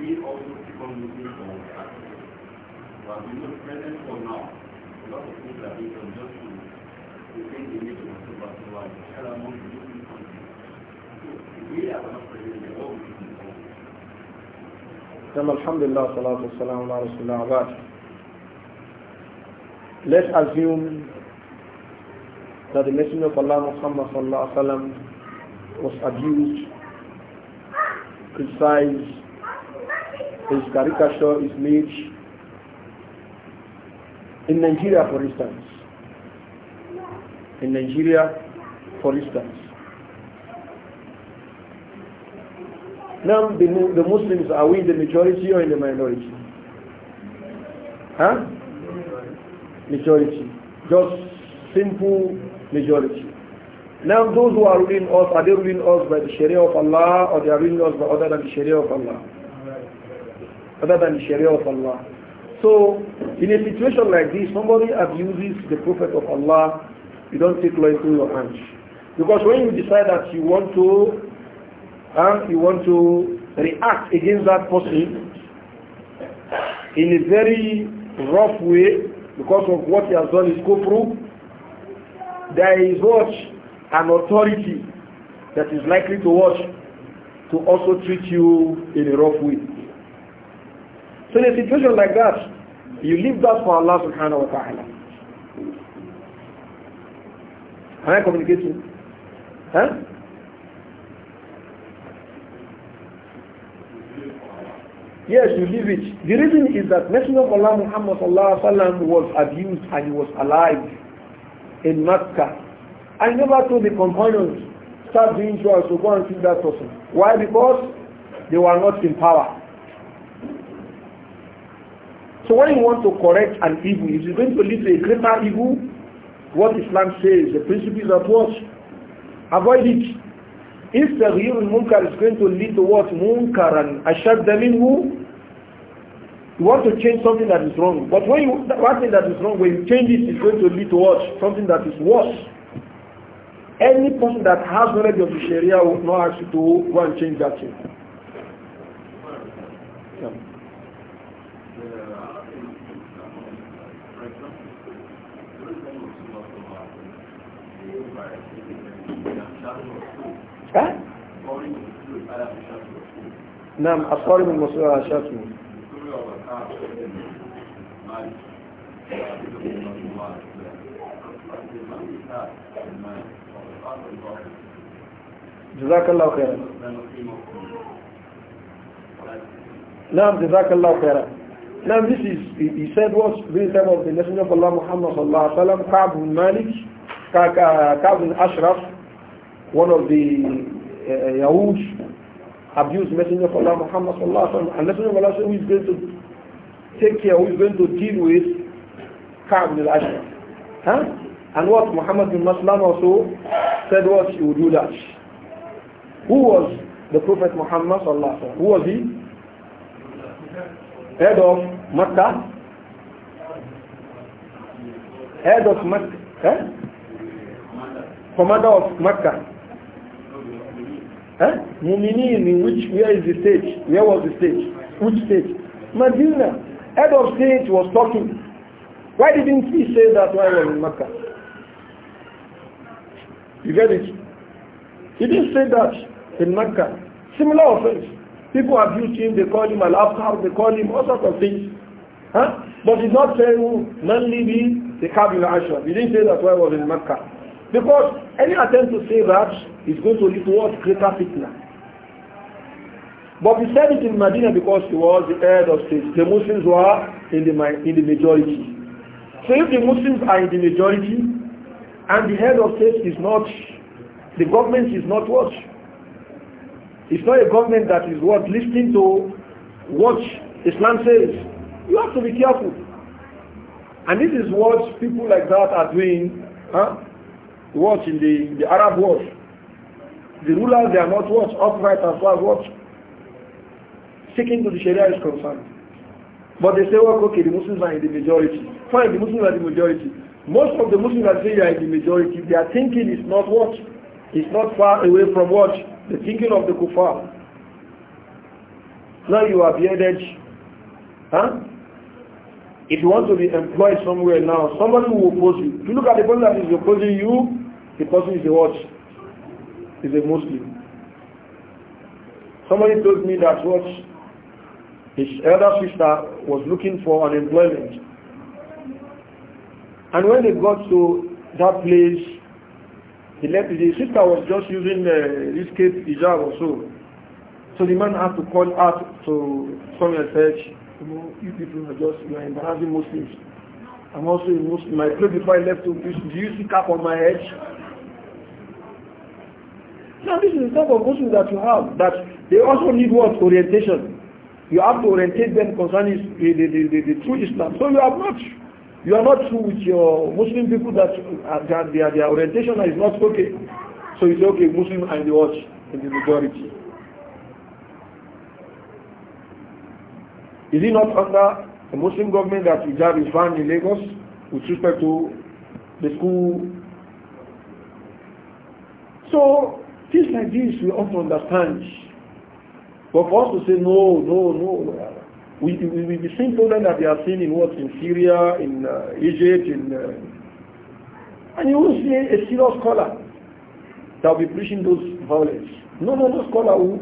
we also keep on looking for But we present for now. A lot of are being just to we think they need to We present, all ثم الحمد لله والصلاة والسلام على رسول الله Let's assume that the Messenger of Allah Muhammad sallallahu alaihi wasallam was abused, criticized, his caricature is made in Nigeria, for instance. In Nigeria, for instance. Now, the, the Muslims, are we in the majority or in the minority? Huh? Majority. Just simple majority. Now, those who are ruling us, are they ruling us by the Sharia of Allah or they are ruling us by other than the Sharia of Allah? other than the Sharia of Allah. So in a situation like this, somebody abuses the Prophet of Allah, you don't take law into your hands. Because when you decide that you want to uh, you want to react against that person in a very rough way because of what he has done is kufru, there is what an authority that is likely to watch to also treat you in a rough way. So in a situation like that, you leave that for Allah subhanahu wa ta'ala. Am I communicating? Huh? Yes, you leave it. The reason is that Messenger of Allah Muhammad was abused and he was alive in Mecca. I never told the companions start doing so to go and kill that person. Why? Because they were not in power. So when you want to correct an evil, is it going to lead to a greater evil? What Islam says, the principles of what? Avoid it. If the real munkar is going to lead to what? and Ashad who? You want to change something that is wrong. But when you, one thing that is wrong, when you change it, it's going to lead to what? Something that is worse. Any person that has knowledge of the Sharia will not ask you to go and change that thing. Yeah. نعم الصارم المصير على شاف جزاك الله خيرا نعم جزاك الله خيرا نعم this is he said was very time of the messenger of Allah Muhammad صلى الله عليه وسلم كعب بن مالك كعب بن أشرف one of the uh, uh Yahush abused Messenger of Allah Muhammad sallallahu and Messenger of Allah said, who is going to take care, who is going to deal with Ka'b bin al-Ashraf? Huh? And what Muhammad bin Maslam also said was, he would do that. Who was the Prophet Muhammad sallallahu Who was he? Head of Makkah? Head of Makkah? Eh? Commander of Makkah. Huh? Muminin in which, where is the stage? Where was the stage? Which stage? Medina. Head of state was talking. Why didn't he say that while he was in Makkah? You get it? He didn't say that in Makkah. Similar offense. People abuse him, they call him Al-Afkar, they call him all sorts of things. Huh? But he's not saying, Man Libi, the Kabil Ashraf." He didn't say that while he was in Makkah? Because any attempt to say that is going to lead towards Greater fitna. But we said it in Medina because he was the head of state. The Muslims were in the, in the majority. So if the Muslims are in the majority and the head of state is not, the government is not what? It's not a government that is what? Listening to what Islam says. You have to be careful. And this is what people like that are doing. Huh? what in the, the Arab world. The rulers, they are not what? Upright as far as what? Sticking to the Sharia is concerned. But they say, well, okay, the Muslims are in the majority. Fine, the Muslims are the majority. Most of the Muslims that say they are in the majority, their thinking is not what? It's not far away from what? The thinking of the kuffar. Now you are bearded. Huh? If you want to be employed somewhere now, somebody will oppose you. If you look at the person that is opposing you, the person is a what? Is a Muslim. Somebody told me that what his elder sister was looking for unemployment. And when they got to that place, the, lady, the sister was just using uh, this cape hijab or so. So the man had to call out to someone and said, you know, you people are just, you are embarrassing Muslims. I'm also a Muslim. I prayed before I left to do you see cap on my head? Now this is the type of ghusl that you have, that they also need what? Orientation. You have to orientate them concerning the, the, the, the true Islam. So you are not. You are not true with your Muslim people that, uh, their, their orientation is not okay. So it's okay, Muslim and the watch in the majority. Is it not under a Muslim government that hijab is banned in Lagos with respect to the school? So Things like this we ought to understand. But for us to say no, no, no, we, we, we be seeing problems that they are seeing in what in Syria, in uh, Egypt, in uh, and you will see a serious scholar that will be preaching those violence. No, no, no scholar who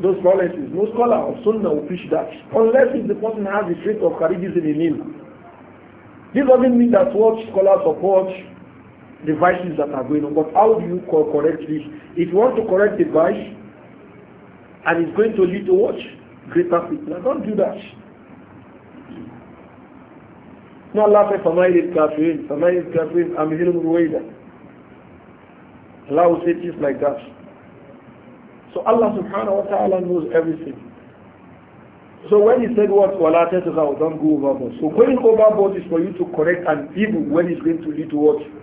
those violences, no scholar of Sunnah will preach that unless if the person has the trait of charism in him. This doesn't mean that what scholars support Devices that are going on. But how do you correct this? If you want to correct the device, and it's going to lead to what? Greater fitna. Don't do that. No, Allah says, فَمَا إِلِ الْكَافِرِينَ I'm الْكَافِرِينَ أَمْهِلُمْ رُوَيْدًا Allah will say things like that. So Allah subhanahu wa ta'ala knows everything. So when he said what wala don't go overboard. So going overboard is for you to correct an evil when it's going to lead to what?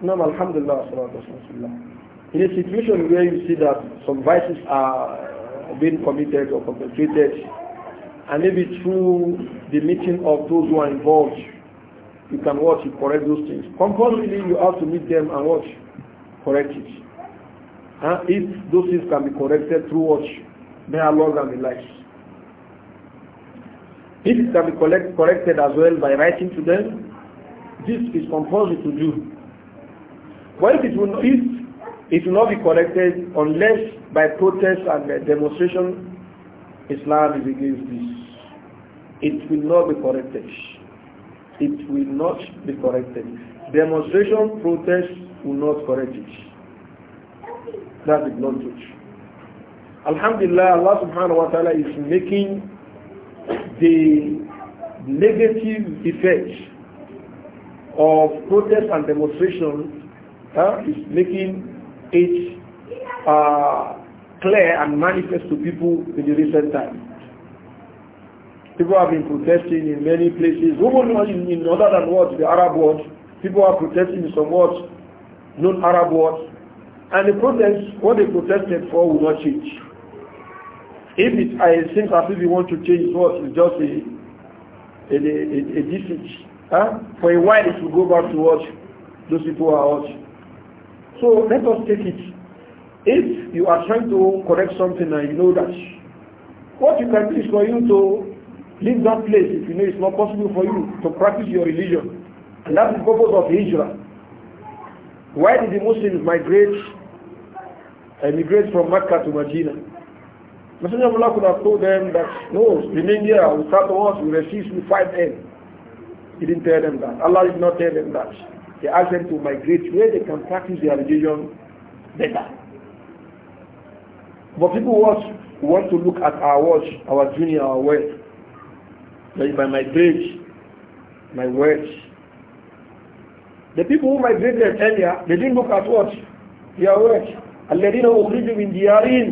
No, alhamdulillah, In a situation where you see that some vices are being committed or perpetrated, and maybe through the meeting of those who are involved, you can watch, and correct those things. Compulsorily, you have to meet them and watch, correct it. Huh? If those things can be corrected through what may Allah grant the likes. If it can be collect, corrected as well by writing to them, this is compulsory to do. But if it will not, if it will not be corrected unless by protest and demonstration, Islam is against this. It will not be corrected. It will not be corrected. Demonstration, protest will not correct it. That's the Alhamdulillah, Allah subhanahu wa ta'ala is making the negative effects of protest and demonstration uh, is making it uh, clear and manifest to people in the recent time. People have been protesting in many places, even in, in other than what the Arab world. People are protesting in some words, non-Arab words. And the protest, what they protested for will not change. If it, I think as if you want to change what is just a, a, a, a distance. Huh? For a while it will go back to what those people are out. So let us take it. If you are trying to correct something and you know that, what you can do is for you to leave that place if you know it's not possible for you to practice your religion. And that's the purpose of Hijrah. Why did the Muslims migrate emigrate from Mecca to Medina. Messenger of Allah could have told them that, no, remain here, we start the wars, we resist, we fight them. He didn't tell them that. Allah did not tell them that. He asked them to migrate where they can practice their religion better. But people watch, want to look at our watch, our journey, our wealth. That if I migrate, my wealth. The people who migrated earlier, they didn't look at what? Their wealth. الذين أخرجوا من ديارهم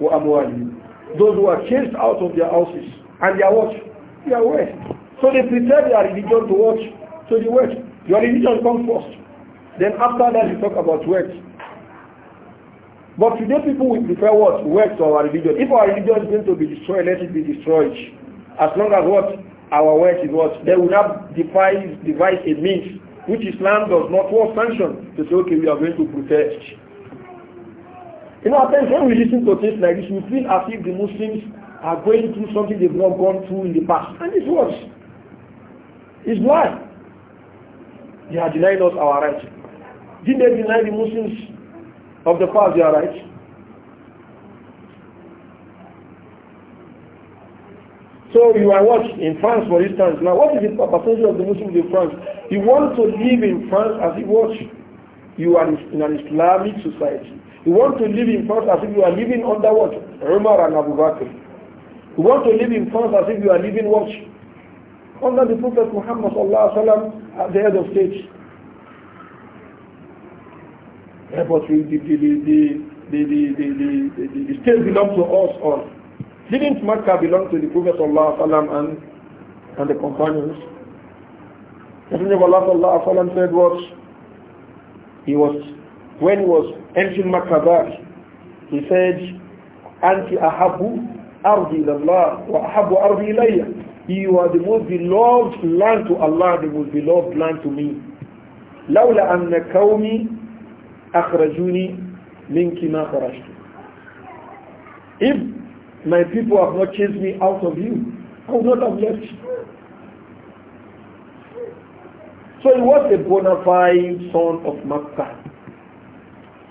وأموالهم those who are chased out of their houses and their watch are wealth so they prefer their religion to watch so the wealth your religion comes first then after that you talk about wealth but today people will prefer what wealth to our religion if our religion is going to be destroyed let it be destroyed as long as what our wealth is what they will not devise devise a means which Islam does not want sanction to say okay we are going to protest you know, at times when we listen to things like this, we feel as if the Muslims are going through something they've not gone through in the past. And it's worse. It's why they are denying us our rights. Did they deny the Muslims of the past their rights? So you are what in France, for instance. Now, what is the percentage of the Muslims in France? You want to live in France as it was. You are in an Islamic society. You want to live in France as if you are living under what? Umar and Abu Bakr. You want to live in France as if you are living what? Under the Prophet Muhammad sallallahu alaihi wasallam at the head of state. Yeah, but the, the, the, the, the, the, the, the state belongs to us all. Didn't Makkah belong to the Prophet sallallahu alaihi wasallam and, and the companions? Messenger of Allah sallallahu alaihi wasallam said what? He was when he was entering Makkah he said, Anti ahabu ardi Allah wa ahabu ardi ilayya. You are the most beloved land to Allah, the most beloved land to me. لولا أن قومي أخرجوني منك ما خرجت. If my people have not chased me out of you, I would not have left. So he was a bona fide son of Makkah.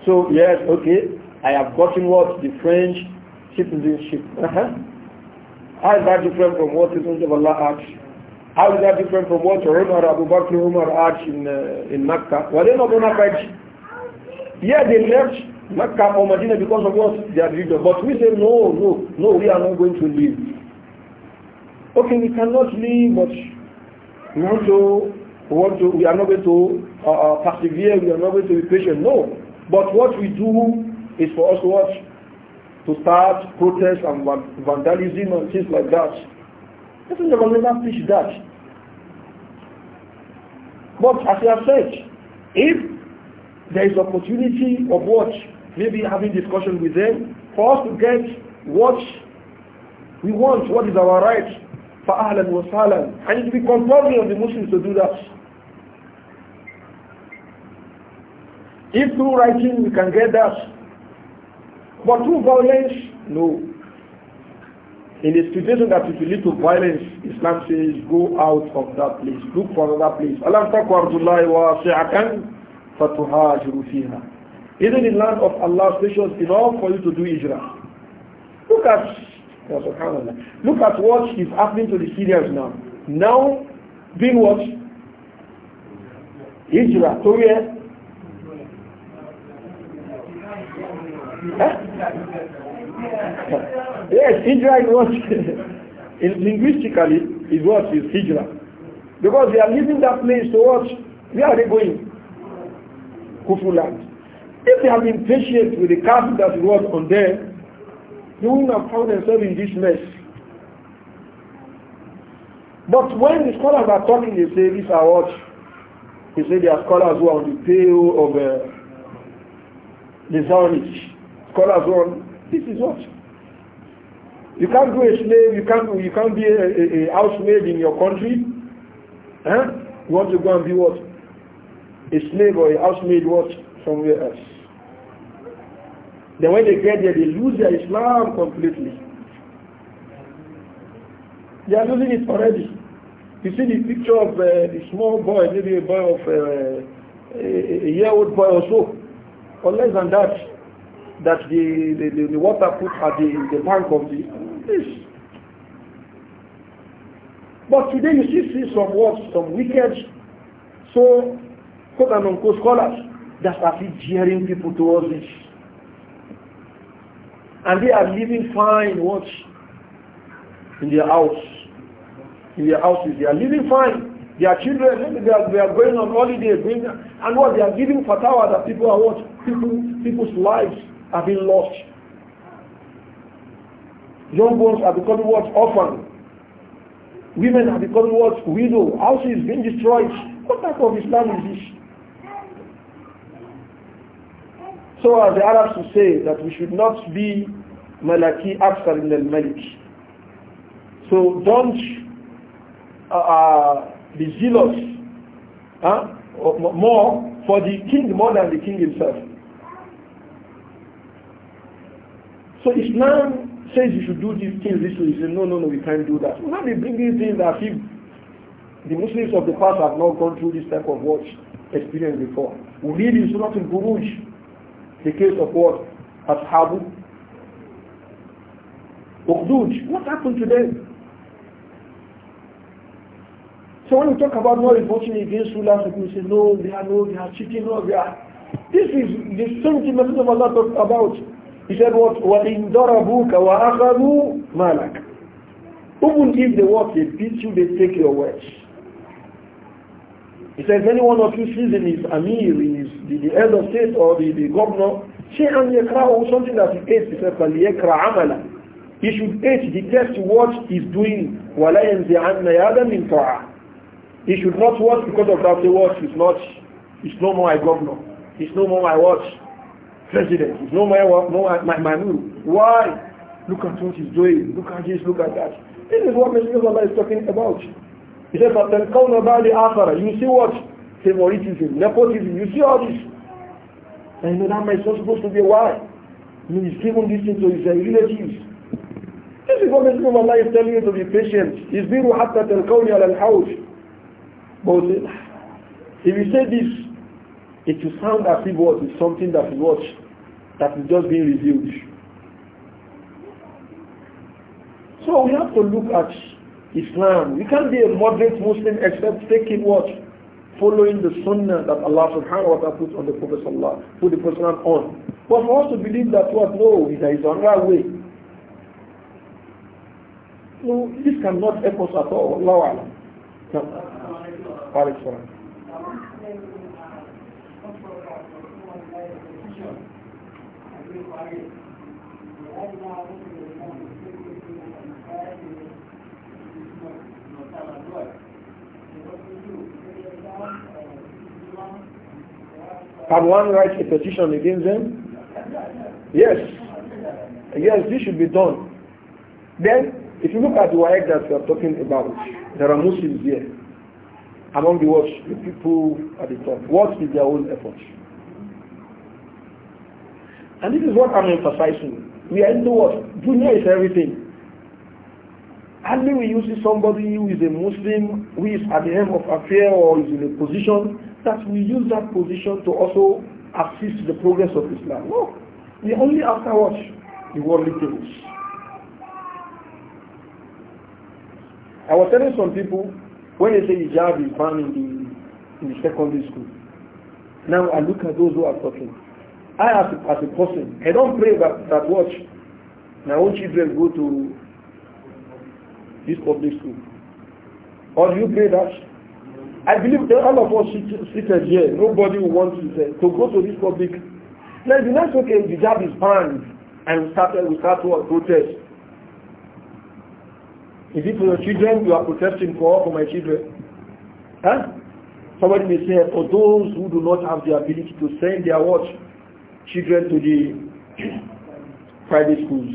So yes, okay, I have gotten what the French citizenship. Uh-huh. How is that different from what citizens of Allah asked? How is that different from what Umar Abu Bakr Umar asked in, uh, in Makkah? Were they not Munafiq? Yeah, they left Makkah or Medina because of what they had religion. But we say no, no, no, we are not going to leave. Okay, we cannot leave, but we want to, we, want to, we are not going to uh, uh persevere, we are not going to be patient. No, but what we do is for us what? To start protests and vandalism and things like that. Messenger will never teach that. But as I have said, if there is opportunity of what, maybe having discussion with them, for us to get what we want, what is our right, فَأَهْلًا وَسَهْلًا And it will be compulsory on the Muslims to do that. If through writing we can get that, but through violence, no. In a situation that if you lead to violence, Islam says go out of that place, look for another place. Alam takwa wa si'atan fatuhajiru fiha. is the land of Allah spacious enough for you to do Israel? Look at, look at what is happening to the Syrians now. Now, being what? Israel. So where? Eh? yes, hijra is what, <laughs> in, linguistically, is what is hijra. Because they are leaving that place to watch. Where are they going? Kufu land. If they have been patient with the castle that was on them, they wouldn't have found themselves in this mess. But when the scholars are talking, they say, these are what? They say they are scholars who are on the tail of uh, the Zionist. Color zone. this is what? You can't do a slave, you can't, you can't be a, a, a housemaid in your country. Huh? You want to go and be what? A slave or a housemaid what? Somewhere else. Then when they get there, they lose their Islam completely. They are losing it already. You see the picture of uh, the small boy, maybe a boy of uh, a, a year old boy or so, or less than that that the, the, the, the water put at the, the bank of the fish. But today you still see some words, some wicked, so quote and unquote scholars that are still jeering people towards this. And they are living fine, watch, in their house. In their houses, they are living fine. Their children, they are, they are going on holiday, going, and what they are giving fatwa that people are what? People, people's lives are being lost. Young ones are becoming what? Orphan. Women are becoming what? Widow. Houses being destroyed. What type of Islam is this? So as the Arabs would say that we should not be Malaki Aksar in malik So don't uh, uh, be zealous huh? more for the king more than the king himself. So Islam says you should do these things this thing, he say, no, no, no, we can't do that. So now they bring these things that if the Muslims of the past have not gone through this type of what experience before. We read in Surah Al-Buruj the case of what? Ashabu. Uqduj. What happened to them? So when we talk about not voting against rulers, we say, no, they are no, they are cheating, no, they are. This is the same thing of Allah talked about. He said what? in وَإِنْ ضَرَبُوكَ وَأَخَذُوا malak? Even if they walk, they beat you, they take your wealth. He says anyone of you sees in his Amir, in his, the, the states state or the, the governor, شَيْئًا or something that he ate, he says فَلْيَكْرَ amala.' he should hate, detest what he's doing. وَلَا يَنْزِعَنَّ يَادًا مِنْ طَاعَةٍ He should not watch because of that. He watch. is not, it's no more my governor. It's no more my watch president. It's no my, no my, my rule. Why? Look at what he's doing. Look at this, look at that. This is what Messenger of Allah is talking about. He says, فَتَنْقَوْنَ بَعْدِ آخَرَ You see what? Favoritism, nepotism, you see all this. And you know that man is not supposed to be a wife. I mean, he's given this thing to his uh, relatives. This is what Messenger of Allah is telling you to be patient. Is biru hatta تَلْقَوْنِ عَلَى الْحَوْجِ But uh, if you say this, it will sound as if what is something that is what that is just being revealed. So we have to look at Islam. We can't be a moderate Muslim except taking what? Following the sunnah that Allah subhanahu wa ta'ala put on the Prophet Allah, put the on. But we also believe that what? No, there is another way. So this cannot help us at all. Allah Alam. No. Can one write a petition against them? Yes. Yes, this should be done. Then, if you look at the work that we are talking about, there are Muslims here among the watch, the people at the top. What is their own effort? And this is what I'm emphasizing. We are in the world. Dunya is everything. Only we use somebody who is a Muslim, who is at the helm of affair or is in a position, that we use that position to also assist the progress of Islam. No. We only after what? The worldly things. I was telling some people, when they say hijab is banned in the, in the secondary school, now I look at those who are talking. I as as a person, I don't pray that, that watch. My own children go to this public school. Or you pray that? I believe that all of us seated here, nobody wants to, say, uh, to go to this public. Now the next okay, the job is banned and we start, uh, we start to protest. Is it for your children you are protesting for for my children? Huh? Somebody may say, for those who do not have the ability to send their watch, children to the private schools.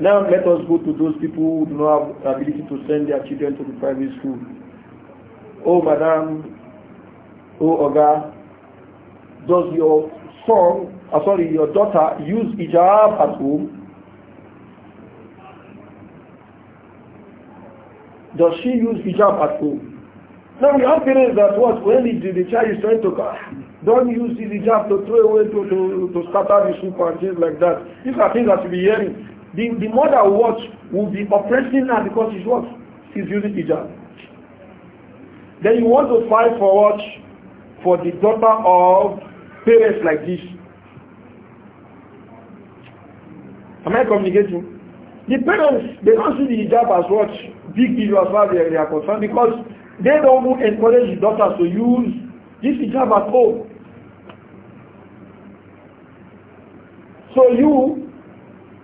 Now let us go to those people who do not have the ability to send their children to the private school. Oh, madam, oh, Oga, does your son, uh, sorry, your daughter use hijab at home? Does she use hijab at home? Now we have parents that what when the, the child is trying to ah, Don't use the hijab to throw away, to, to, to scatter the soup and things like that. These are things that you be hearing. The, the mother who watch will be oppressing her because she's what? She's using hijab. Then you want to fight for what? For the daughter of parents like this. Am I communicating? The parents, they don't see the hijab as what big deal as far as they, they are concerned because they don't encourage the daughters to use this hijab at home. So you,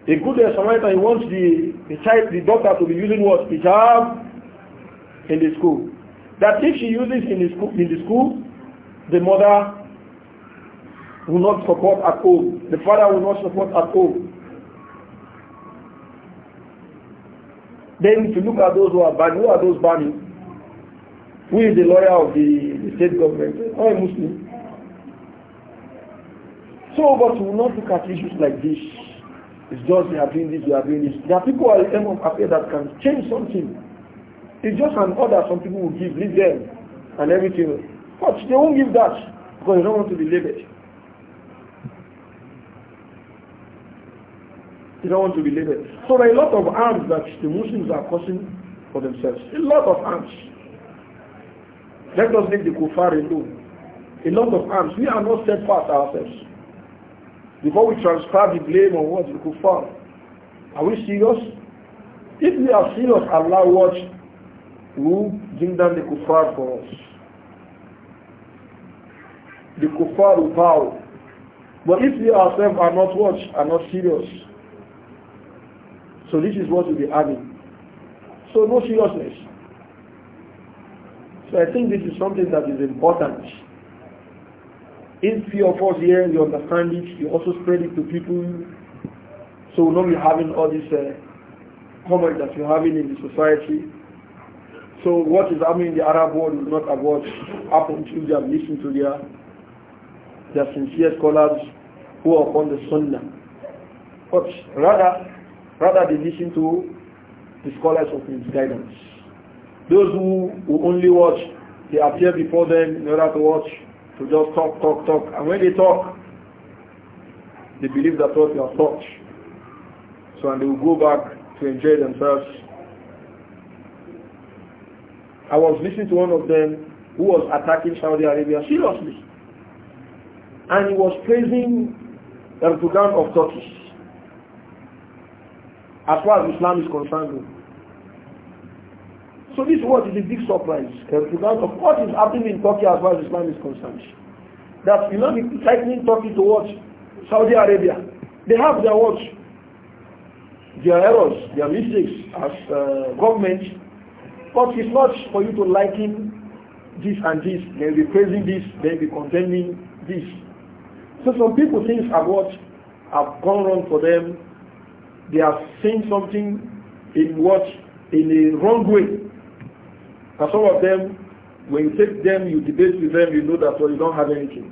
a good uh, Samaritan, he wants the, the child, the daughter to be using what? Hijab in the school. That if she uses in the school, in the, school the mother will not support at home. The father will not support at home. Then to look at those who are banned, who are those banning? Who is the lawyer of the, the state government? Or oh, a Muslim? So, but we will not look at issues like this. It's just they are doing this, they are doing this. There are people at the end of affair that can change something. It's just an order some people will give, leave them and everything. But they won't give that because they don't want to be labeled. They don't want to be labeled. So there are a lot of harms that the Muslims are causing for themselves. A lot of harms. Let us leave the kuffar alone. A lot of harms. We are not steadfast ourselves. Before we transfer the blame on what the kuffar. Are we serious? If we are serious, Allah watch will bring down the kuffar for us. The kuffar will bow. But if we ourselves are not watch, are not serious. So this is what we'll be having. So no seriousness. So I think this is something that is important if few of us here, you understand it, you also spread it to people, so we not be having all this uh, comment that we're having in the society. So what is happening in the Arab world is not about happen to them. listened to their, their sincere scholars who are upon the Sunnah. But rather, rather they listen to the scholars of guidance. Those who, who only watch, they appear before them in order to watch to just talk, talk, talk. And when they talk, they believe that what they are taught. So and they will go back to enjoy themselves. I was listening to one of them who was attacking Saudi Arabia seriously. And he was praising Erdogan of Turkey. As far as Islam is concerned, so this word is a big surprise uh, because of what is happening in Turkey as far as Islam is concerned. That you know the tightening Turkey towards Saudi Arabia. They have their watch, their errors, their mistakes as uh, government. But it's not for you to liken this and this, they'll be praising this, they'll be condemning this. So some people things are what have gone wrong for them. They have seen something in what in a wrong way. And some of them, when you take them, you debate with them, you know that well, you don't have anything.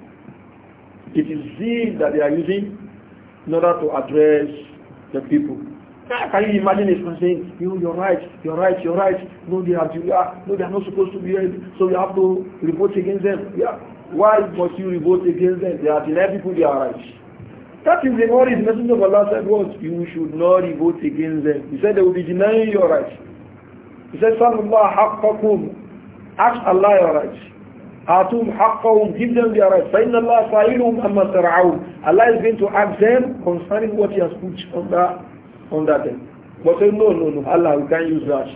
It is zeal that they are using in order to address the people. Can you imagine this person saying, you, you're right, you're right, you're right. No, they are, they are, no, they are not supposed to be here, so you have to revolt against them. Yeah. Why must you revolt against them? They are denying people their rights. That is the only message of Allah said was, you should not revolt against them. He said they will be denying your rights. He said, Sallallahu haqqakum. Ask Allah your rights. Atum haqqahum. Give them their rights. فَإِنَّ اللَّهَ سَائِلُهُمْ أَمَّا تَرْعَوْنَ Allah is going to ask them concerning what he has put under, under them. But say, no, no, no, Allah, we can't use that.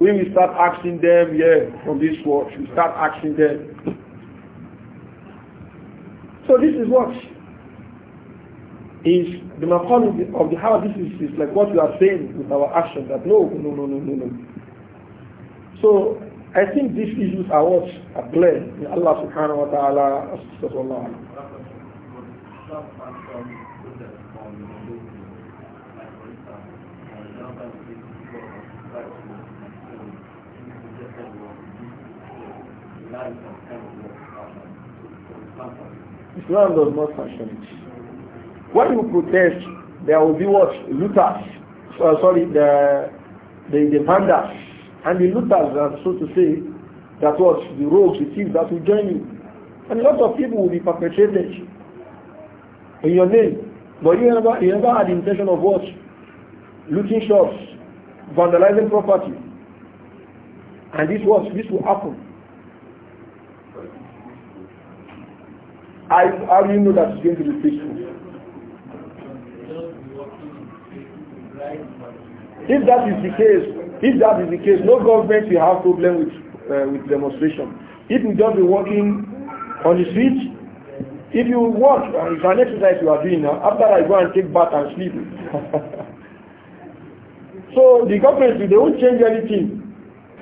We will start asking them, yeah, from this watch. We start asking them. So this is what is the maqam of the, how this is, is like what we are saying with our action that no, no, no, no, no, no. So I think these issues are what are clear in Allah subhanahu wa ta'ala assist us Islam does not sanction it. When you protest, there will be what? Looters. So, uh, sorry, the, the, the vandals and the looters, so to say, that was the rogues, the thieves that will join you. And a lot of people will be perpetrated in your name. But you never, you never had the intention of what? Looting shops, vandalizing property. And this was, this will happen. I, how do you know that it's going to be peaceful? If that is the case, If that is the case, no government will have problem with, uh, with demonstration. If you just be walking on the street, if you walk, uh, it's an exercise you are doing now, after I go and take bath and sleep. <laughs> so the government, they won't change anything.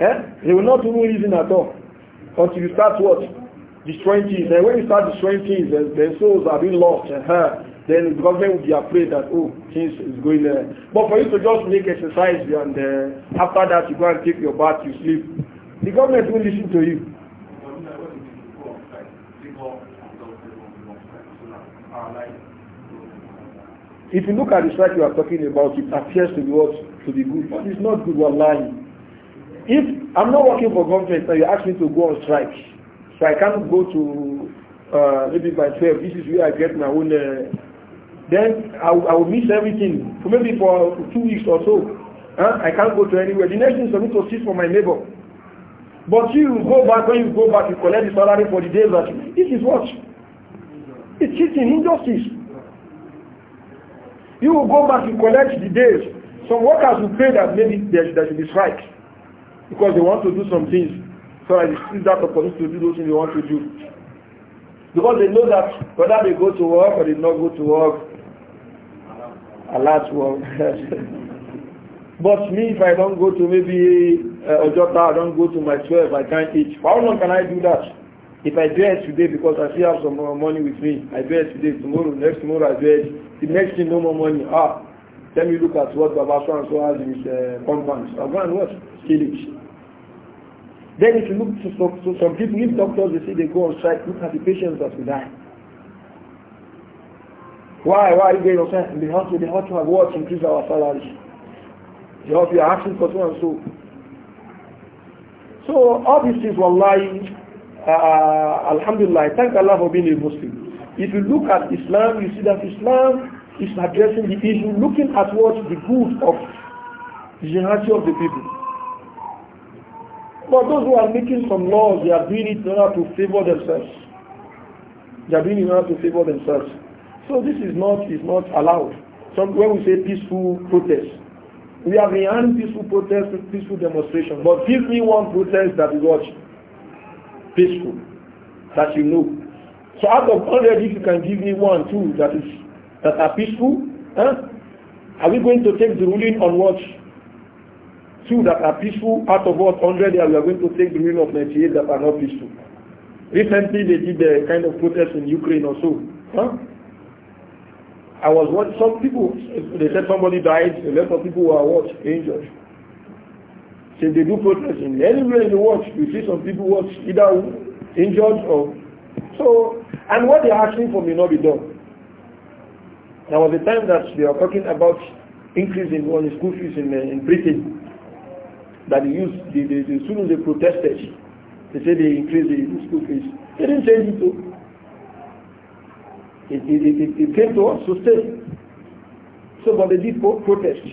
Eh? They will not do reason at all until you start what? Destroying things. And when you start destroying things, their souls are being lost. Uh -huh then the government will be afraid that, oh, things is going there. Uh, but for you to just make exercise and uh, after that you go and take your bath, you sleep, the government won't listen to you. If you look at the strike you are talking about, it appears to be what to be good, but it's not good. Wallahi, if I'm not working for government and you ask me to go on strike, so I can't go to uh, maybe by 12. This is where I get my own uh, then I, I will miss everything for maybe for two weeks or so. Huh? I can't go to anywhere. The next thing is for me to sit for my neighbor. But you go back, when you go back, you collect the salary for the days that you, this is what? It's cheating, injustice. You will go back, you collect the days. Some workers will pay that maybe there, there should be strike because they want to do some things. So I seize that opportunity to do those things they want to do. Because they know that whether they go to work or they not go to work, A Allah's <laughs> word. but me, if I don't go to maybe uh, Ojota, I don't go to my twelve. I can't eat. how long can I do that? If I do it today because I still have some more money with me, I do it today, tomorrow, next tomorrow I do it. The next thing, no more money. Ah, let me look at what Baba so and so has in his uh, compound. I'll go and what? still it. Then if you look to some, to some people, if doctors, they say they go on strike, look at the patients that will die. Why? Why are you getting offended? They want to, they want to have what? Increase our salaries. They have to be asking for so and so. So all these things, were uh, alhamdulillah, thank Allah for being a Muslim. If you look at Islam, you see that Islam is addressing the issue, looking at what the good of the generality of the people. But those who are making some laws, they are doing it in order to favor themselves. They are doing it in order to favor themselves. So this is not is not allowed. Some, when we say peaceful protest, we have been peaceful protest, peaceful demonstration. But give me one protest that is what peaceful, that you know. So out of hundred, if you can give me one, two that is that are peaceful, huh? Are we going to take the ruling on what? Two that are peaceful out of what hundred? Are we going to take the ruling of ninety-eight that are not peaceful? Recently, they did a kind of protest in Ukraine also. Huh? I was what some people, they said somebody died, a lot of people were what? Injured. So they do protesting. Anywhere in the world, you see some people were Either injured or... So, and what they're asking for may not be done. There was a time that they were talking about increasing on school fees in, uh, in Britain. That they used, the, the, the students they protested, they said they increased the, the school fees. They didn't change it though. It, it, it, it came to us to stay. So, but they did protest.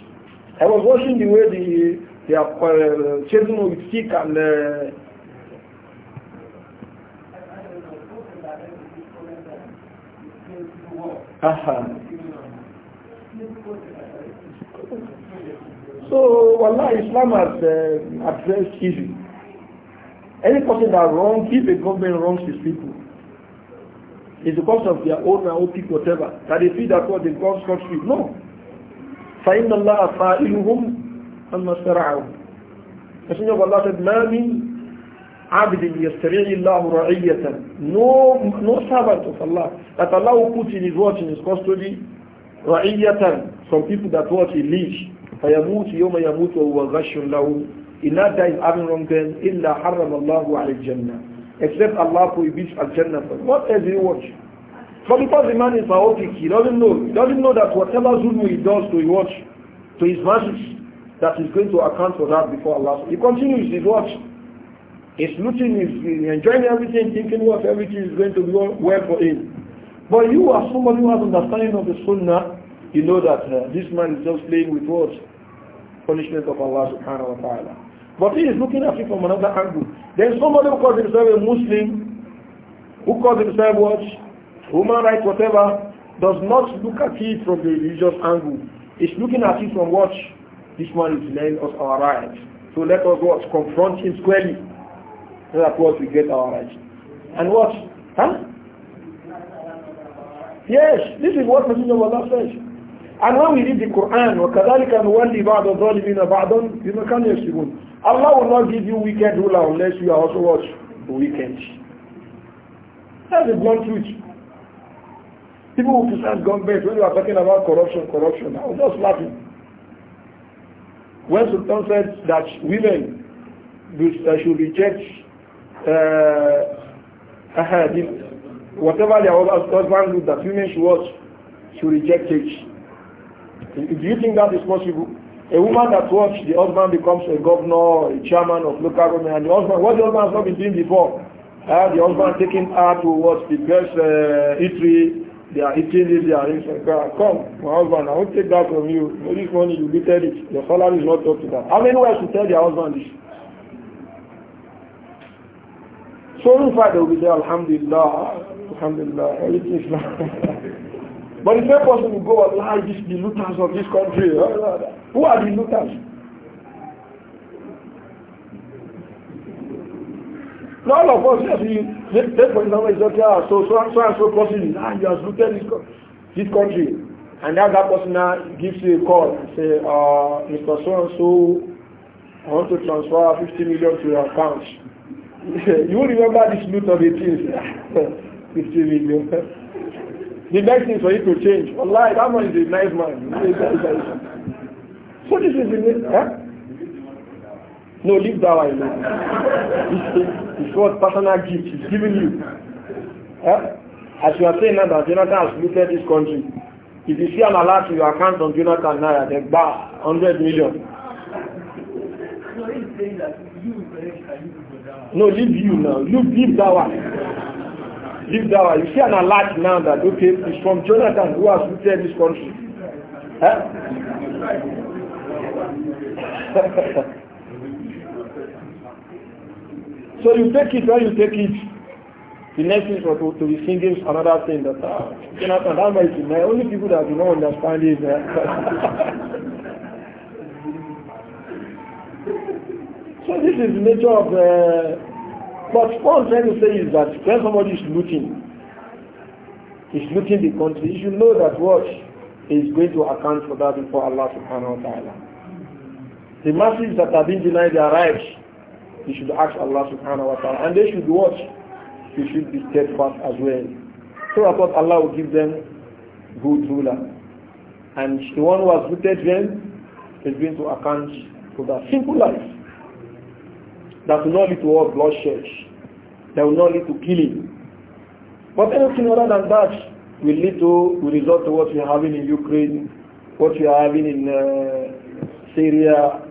I was watching the way the the are uh, chasing with stick and uh, uh-huh. So, Allah Islam has uh, addressed evil. Any person that wrongs, if a government wrongs his people, It's because of their own outfit, whatever, that they feel that what they No, gone scot free. No. فَإِنَّ اللَّهَ فَائِلُهُمْ أَمَّا اسْتَرَعَهُمْ Messenger of Allah said, مَا مِنْ عَبْدٍ يَسْتَرِعِ اللَّهُ رَعِيَّةً No, no servant of Allah that Allah will put in his watch, in his custody, رَعِيَّةً Some people that watch he leaves. فَيَمُوتِ يَوْمَ يَمُوتُ وَهُوَ غَشٌ لَهُ إِنَّا دَيْنْ أَمْرٌ كَنْ إِلَّا حَرَّمَ اللَّهُ عَلَى الْجَنَّةِ except Allah prohibits Al-Jannah. What else do you watch? But because the man is chaotic, he doesn't know. He doesn't know that whatever zulm he does to watch, to his masses, he's going to account for that before Allah. He continues his watch. He's looting, he's enjoying everything, thinking what everything is going to be well for him. But you are somebody who has understanding of the sunnah, you know that uh, this man is just playing with what? Punishment of Allah subhanahu wa ta'ala. But he is looking at it from another angle. Then somebody who calls himself a Muslim, who calls himself what? Human rights, whatever, does not look at it from the religious angle. It's looking at it from what? This man is laying us our rights. So let us what? Confront him squarely. So that what we get our rights. And what? Huh? Yes, this is what Messenger of Allah says. And when we read the Quran, وَكَذَلِكَ نُوَلِّي بَعْضَ الظَّالِمِينَ بَعْضًا بِمَا كَانُوا يَكْسِبُونَ Allah will not give you weekend ruler unless you are also watch The wicked. That's the blunt truth. People who criticize government when you are talking about corruption, corruption, I was just laughing. When Sultan said that women uh, should reject uh, uh whatever their husband do, that women should watch, should reject it. Do you think that is possible? A woman that works, the husband becomes a governor, a chairman of local government, and the husband, what the husband has not been doing before, uh, the husband taking her to what the best uh, eatery, they are eating this, they are eating Come, my husband, I will not take that from you. this money, you looted it. Your salary is not up to that. How many wives to tell their husband this? So in fact, they will say, Alhamdulillah, Alhamdulillah, everything is <laughs> But the same person will go, lie this, the looters of this country. Eh, who are the looters all of us yes we take for example it's okay so so and so and so person ah you have looted this, this country and that that person now gives you a call and say uh mr so and so i want to transfer fifty million to your account <laughs> you remember this loot of the things <laughs> fifty million <laughs> the next thing for you to change Allah, that man is a nice man. What is the name. Eh? No, leave that one alone. It's, it's what personal gift He's giving you. Eh? As you are saying now that Jonathan has looted this country, if you see an alert to your account on Jonathan Naira, then bar 100 million. No, he's saying that you No, leave you now. You leave that one. Leave that one. You see an alert now that, okay, it's from Jonathan who has looted this country. Eh? <laughs> so you take it when you take it. The next thing to, to be singing another thing that ah, you know, and that might my only people that do not understand is eh? <laughs> that. so this is the nature of the eh, but what I'm trying to say is that when somebody is looting is looting the country, you should know that what is going to account for that before Allah subhanahu wa ta'ala. The masses that have been denied their rights, they should ask Allah subhanahu wa ta'ala. And they should watch. They should be steadfast as well. So I thought Allah will give them good ruler. And the one who has rooted them is going to account for that simple life. That will not lead to all bloodshed. That will not lead to killing. But anything other than that will lead to will result to what we're having in Ukraine, what we're having in uh, Syria,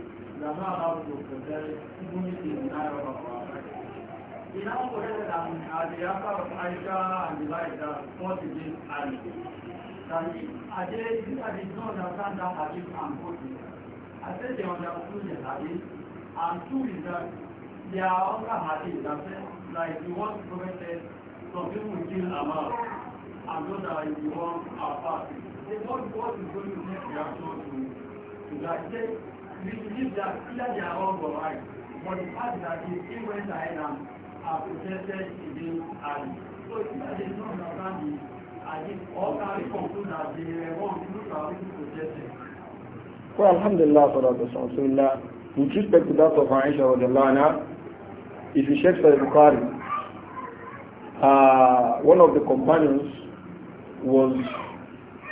Ìlànà òṣèlú àti àpapọ̀ àìṣà àmìlá ìdá wọ́n ti di àìyè. Tàbí àjẹ́ ìdíkàdì náà na sáńdá àti àǹkóòtù. Àtẹ́jẹ̀ ọ̀dà òṣèlú àti àǹtú ìdá ya ọ́nà àti ìdáfẹ́ like the one provided some people kill amount and those are the one are fast. They want what is going to make reaction to, to that day. we believe that either they are wrong or right, but the fact that he still went ahead and uh, protested against Ali. So either they don't understand can we conclude that they were wrong through Well, alhamdulillah, sallallahu With respect to that of Aisha radiallahu if you check for Bukhari, uh, one of the companions was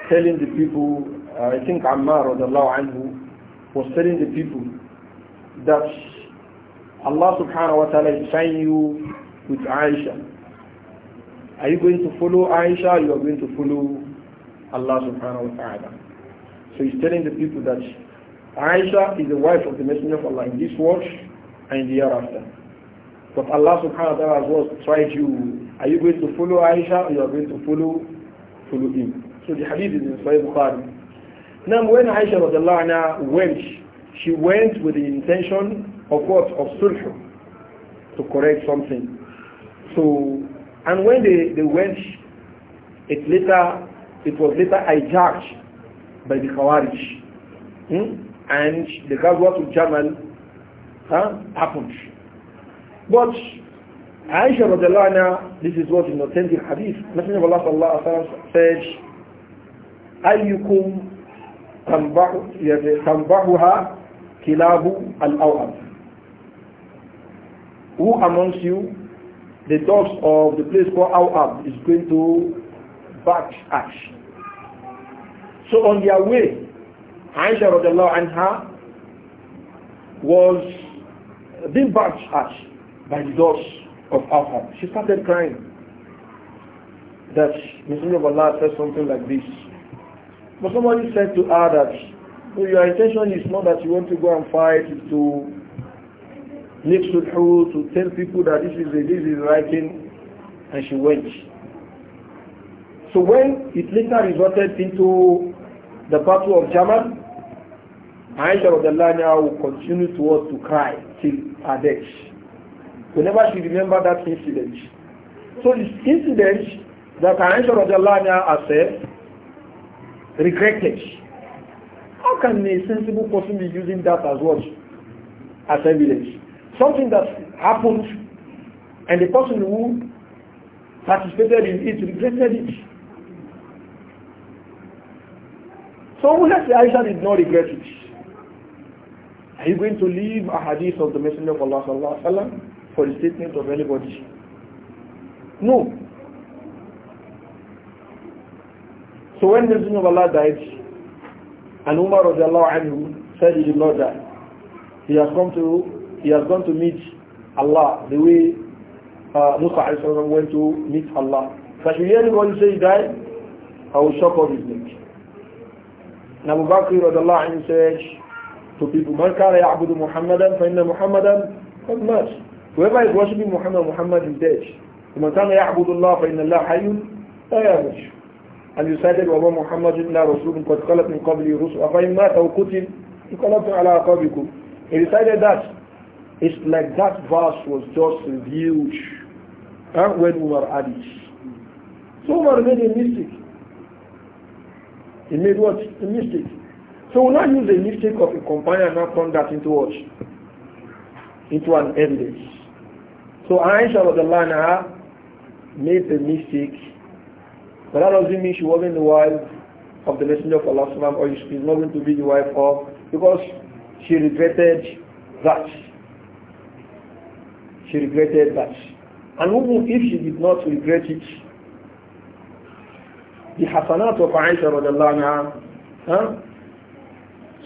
telling the people, uh, I think Ammar radiallahu anhu, was telling the people that Allah subhanahu wa ta'ala is trying you with Aisha. Are you going to follow Aisha? You are going to follow Allah subhanahu wa ta'ala. So he's telling the people that Aisha is the wife of the Messenger of Allah in this world and in the hereafter. But Allah subhanahu wa ta'ala has well tried you. Are you going to follow Aisha or you are going to follow follow him? So the hadith is in Sahih Bukhari. Now, when Aisha radiallahu anha went, she went with the intention of what? Of sulh, to correct something. So, and when they, they went, it later, it was later hijacked by the Khawarij. Hmm? And the Ghazwat of Jamal huh, happened. But Aisha radiallahu anha, this is what in authentic hadith, Messenger of Allah said, أيكم تنبعها كلاب الأوعب Who amongst you, the dogs of the place called Awab is going to bark ash. So on their way, Aisha radiallahu anha was being barked at by the dogs of Awab. She started crying that Messenger of Allah said something like this. But somebody said to her that "So your intention is not that you want to go and fight to make sulhu, to tell people that this is a, this is writing, and she went. So when it later resulted into the battle of German, Aisha of the Lanya will continue towards to cry till her death. Whenever she remember that incident. So this incident that Aisha of the Lanya has said regretted. How can a sensible person be using that as what? As evidence. Something that happened and the person who participated in it regretted it. So let's say Aisha did not regret it. Are you going to leave a hadith of the Messenger of Allah sallallahu alaihi wasallam for the statement of anybody? No. So when the Muslim of Allah died, and Umar anhu said he did not die, he has come to he has gone to meet Allah the way uh, Musa went to meet Allah. So if you hear anybody say he died, I will chop off his neck. And Abu Bakr anhu said to people, Man kana ya'budu Muhammadan fa inna Muhammadan qad mat. Whoever is worshipping Muhammad, Muhammad is dead. ومن كان Allah? الله فإن الله حي لا يموت and you cited Wama Muhammad ibn Rasul قد خلت من قبل رسل أفإن مات أو قتل انقلبتم على أعقابكم. He decided that. It's like that verse was just revealed huh, when Umar had it. So Umar made a mistake. He made what? A mistake. So we now use the mistake of a companion and turn that into what? Into an evidence. So Aisha was the made the mistake but that doesn't mean she wasn't the wife of the Messenger of Allah or she's not going to be the wife of, because she regretted that. She regretted that. And even if she did not regret it, the hasanat of Aisha radiallahu huh,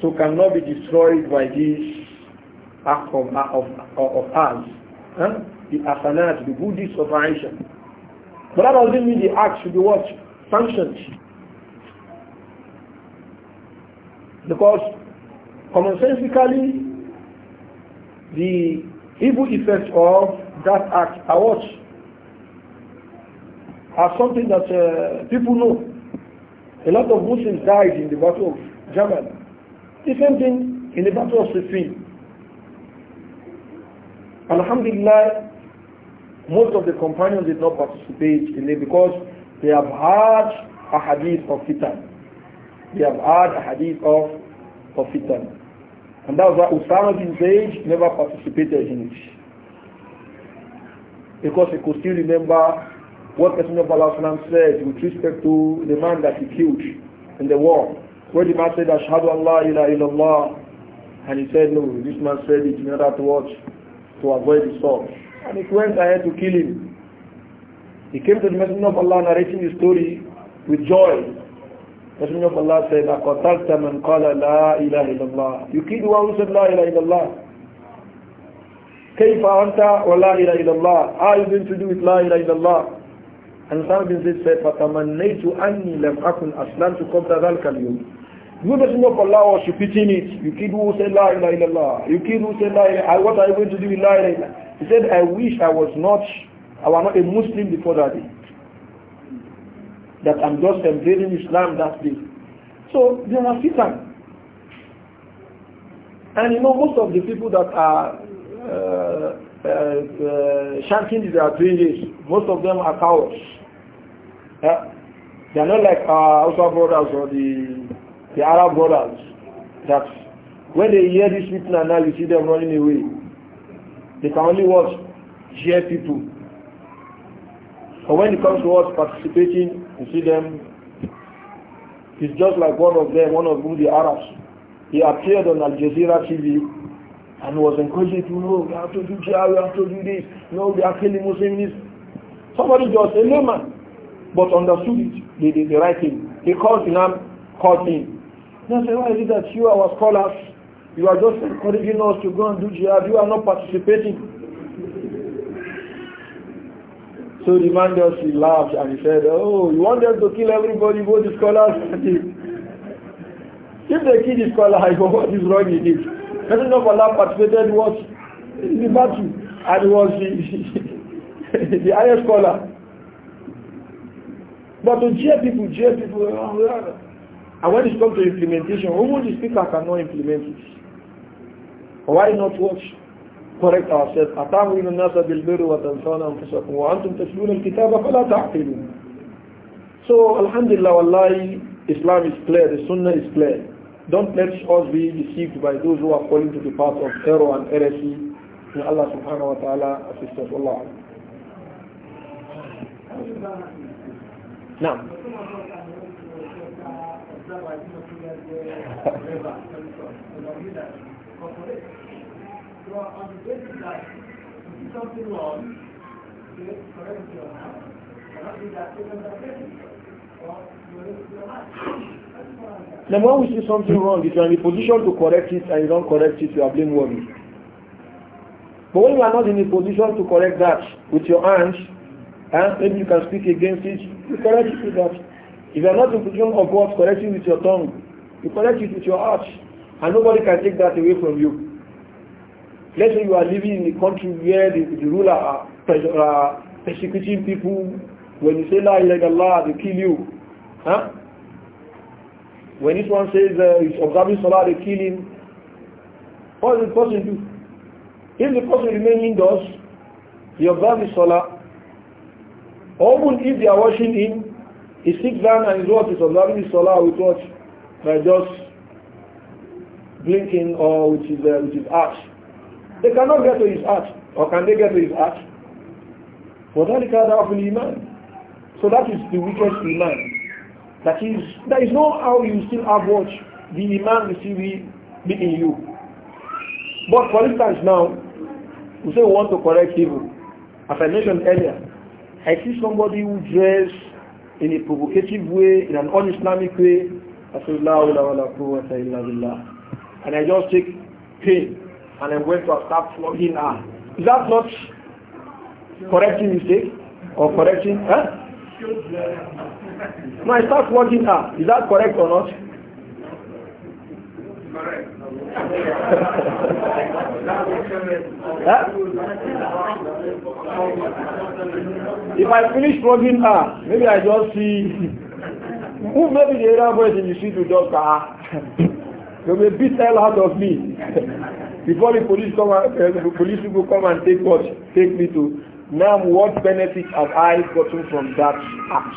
so cannot be destroyed by this act of, of, of, of ours. Huh? The hasanat, the good deeds of Aisha but that doesn't mean the act should be what? Sanctioned. Because commonsensically, the evil effects of that act are what? Are something that uh, people know. A lot of Muslims died in the Battle of Jamal. The same thing in the Battle of Sifin. Alhamdulillah, most of the companions did not participate in it because they have had a hadith of fitan. They have had a hadith of, of fitan. And that's why Usama bin Zayd never participated in it. Because he could still remember what Messenger of Allah said with respect to the man that he killed in the war. Where the man said, Ashhadu Allah ila illallah. And he said, no, this man said it in order to watch, to avoid the sword. And it went ahead to kill him. He came to the Messenger of Allah narrating his story with joy. The Messenger of Allah said, أَقَتَلْتَ مَنْ قَالَ لَا إِلَهِ إِلَّا اللَّهِ You killed one who said, لَا إِلَهِ إِلَّا اللَّهِ كيف أنت ولا إله إلا الله How are you going to do with لا إله إلا الله And Usama bin Zayd said فتمنيت أني لم أكن أسلمت قبل ذلك اليوم You just know for Allah was repeating it. You kid who said لا إله إلا الله. You kid who say La ilaha What are you going to do with La ilaha he said, I wish I was not, I was not a Muslim before that day. That I'm just embracing Islam that day. So they are fitan. And you know, most of the people that are uh, uh, uh, shanking they are most of them are cowards. Yeah? Uh, they are not like our Hausa brothers or the, the Arab brothers that when they hear this written analysis, they're running away. They can only watch, hear people. But when it comes to us participating, you see them, it's just like one of them, one of the Arabs. He appeared on Al Jazeera TV and was encouraging to know we have to do jihad, we have to do this, no, they are killing Muslims. Somebody just, a layman, but understood it, the, the, the right thing. He called him, called him. Then said, why is it that you, are our scholars, you are just encouraging us to go and do jihad. You are not participating. So the man just laughed and he said, Oh, you want them to kill everybody, both the scholars the... If they kill the scholar, I go, what is wrong with it? President of Allah participated what? In the battle. And was the, <laughs> the highest scholar. But to jail people, jail people, oh, and when it comes to implementation, only the speaker cannot implement it. Why not watch? Correct ourselves. أتعملون الناس بالبر وتنسون أنفسكم وأنتم al الكتاب فلا تعقلون. So Alhamdulillah, Wallahi, Islam is clear, the Sunnah is clear. Don't let us be deceived by those who are falling to the path of error and heresy. May Allah subhanahu wa ta'ala assist us. Allah. Now. <laughs> for So on the basis that if you something wrong, you correct your hand, cannot be that even that now when we see something wrong, if you are in a position to correct it and you don't correct it, you are blameworthy. But when you are not in a position to correct that with your hands, and eh, maybe you can speak against it, you correct it with that. If you are not in position of what, correcting with your tongue. You correct it with your heart. And nobody can take that away from you. Let's say you are living in a country where the, the ruler are uh, persecuting people. When you say La ilaha Allah, they kill you. Huh? When this one says uh, he's observing Salah, they kill him. What does the person do? If the person remains indoors, he observes his Salah. Even if they are watching him, he sits down and his watch is observing his Salah with watch by just blinking or which is uh, with his arch. They cannot get to his arch. Or can they get to his arch? وَذَلِكَ ذَعْفُ iman. So that is the weakest iman. That is, there is no how you still have watch the iman will still be, you. But for instance now, we say we want to correct evil. As I mentioned earlier, I see somebody who dress in a provocative way, in an un-Islamic way. I say, La ilaha illa and I just take pain and I went to start flogging her. Is that not correcting mistake or correcting? Huh? No, I start flogging her. Is that correct or not? Correct. <laughs> huh? If I finish flogging her, maybe I just see. Who <laughs> maybe the other in the street. to just ah. <laughs> They may beat hell out of me. <laughs> Before the police come and, uh, the police people come and take what? Take me to. Now what benefit have I gotten from that act?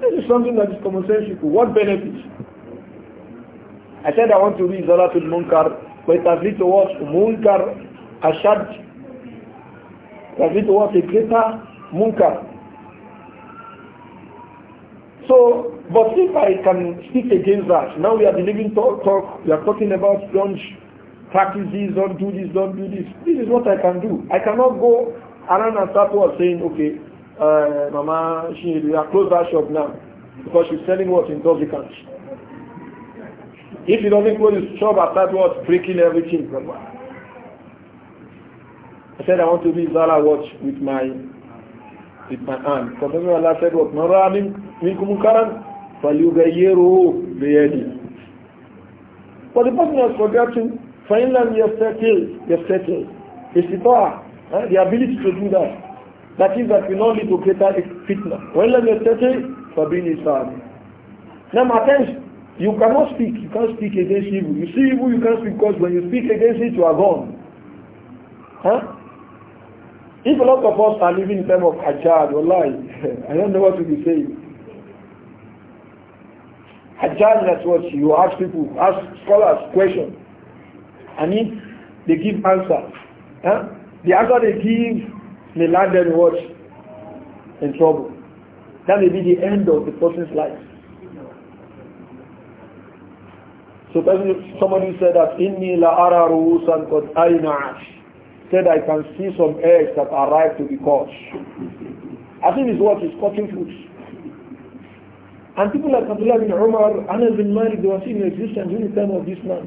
This is something that is common sense. What benefit? I said I want to read Zalatul Munkar, but it has lead to Munkar Ashad. It has lead to A greater Munkar. So, but if I can speak against that, now we are believing talk, talk we are talking about don't practice this, don't do this, don't do this. This is what I can do. I cannot go around and start what saying, okay, uh, Mama, she, we are close that shop now because she's selling what intoxicants. If you doesn't close this shop start what, breaking everything. I said I want to be Zara watch with my الآن فمن لا تدرك من رأى منكم منكرا فليغيره بيده For the person has forgotten, فإن لم يستطيع يستطيع استطاع eh, the ability to do that. That is that we not lead to greater fitna. When وإن لم يستطيع فباللسان. Now attention, you cannot speak, you can't speak against evil. You see evil, you can't speak because when you speak against it, you are gone. Huh? If a lot of us are living in time of Hajjaj, wallahi, <laughs> I don't know what to be saying. Hajjaj, that's what you ask people, ask scholars questions. I mean, they give answer, huh? the answer they give they land them what? In trouble. That may be the end of the person's life. So somebody said that, إِنِّي لَأَرَى رُؤُسًا قَدْ أَيْنَعَشْ said I can see some eggs that arrived to be caught. I think it's what is cutting food. And people like Abdullah bin Umar, Anas bin Malik, they were seen in existence during the time of this man.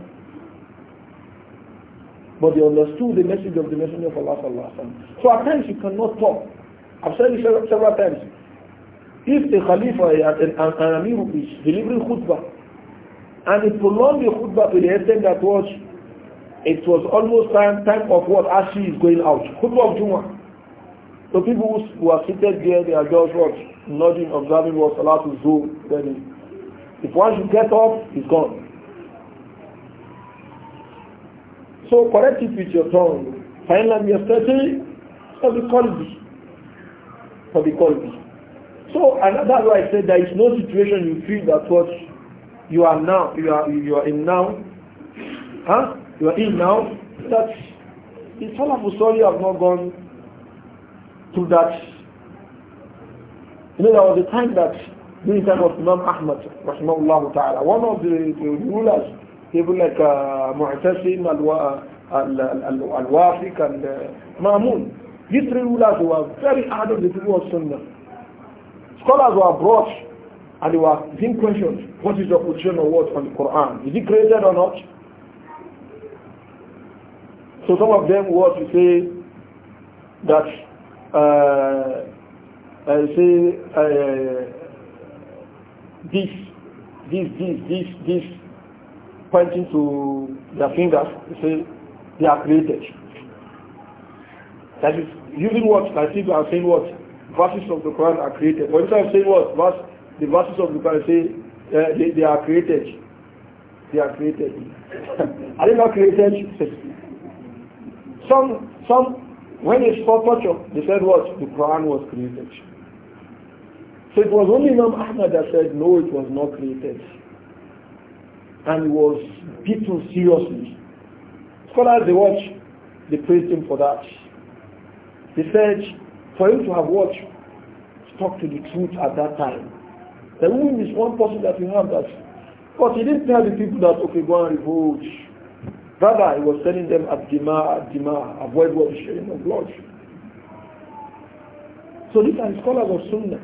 But they understood the message of the Messenger of Allah Sallallahu So at times you cannot talk. I've said it several times. If a Khalifa, and an, an Amir is delivering khutbah, and it prolonged the khutbah to the extent that was it was almost time, time of what Ashi is going out. Khutbah of Juma. So people who are seated there, they are just what, nodding, observing what to do. Then if one should get up, he's gone. So correct it with your tongue. Finally, yesterday, for the quality. For the quality. So another that's why I said there is no situation you feel that what you are now, you are you are in now, huh? you are in now, that the Salafus story have not gone through that. You know, there was a time that during the time of Imam Ahmad, rahimahullah ta'ala, one of the, the rulers, people like uh, uh Al-Wafiq, and uh, Ma'mun, these three rulers were very hard on the people of Sunnah. Scholars were brought and they were being questioned, what is the position or what on the Quran? Is it created or not? So some of them was to say that uh, I say uh, this, this, this, this, this, pointing to their fingers, they say they are created. That is using what I think I'm saying what verses of the Quran are created. But I'm saying what verse, the verses of the Quran say uh, they, they are created. They are created. <laughs> are they not created? <laughs> Some, some, when it's much of, they said what? The Quran was created. So it was only Imam Ahmad that said, no, it was not created. And he was beaten seriously. Scholars, they watch, they praised him for that. They said, for him to have watched, stuck to the truth at that time. The woman is one person that we have that. But he didn't tell the people that, okay, go and revolt. Rather, he was telling them, Abdima, Abdima, avoid what is sharing of blood. So these are scholars of Sunnah.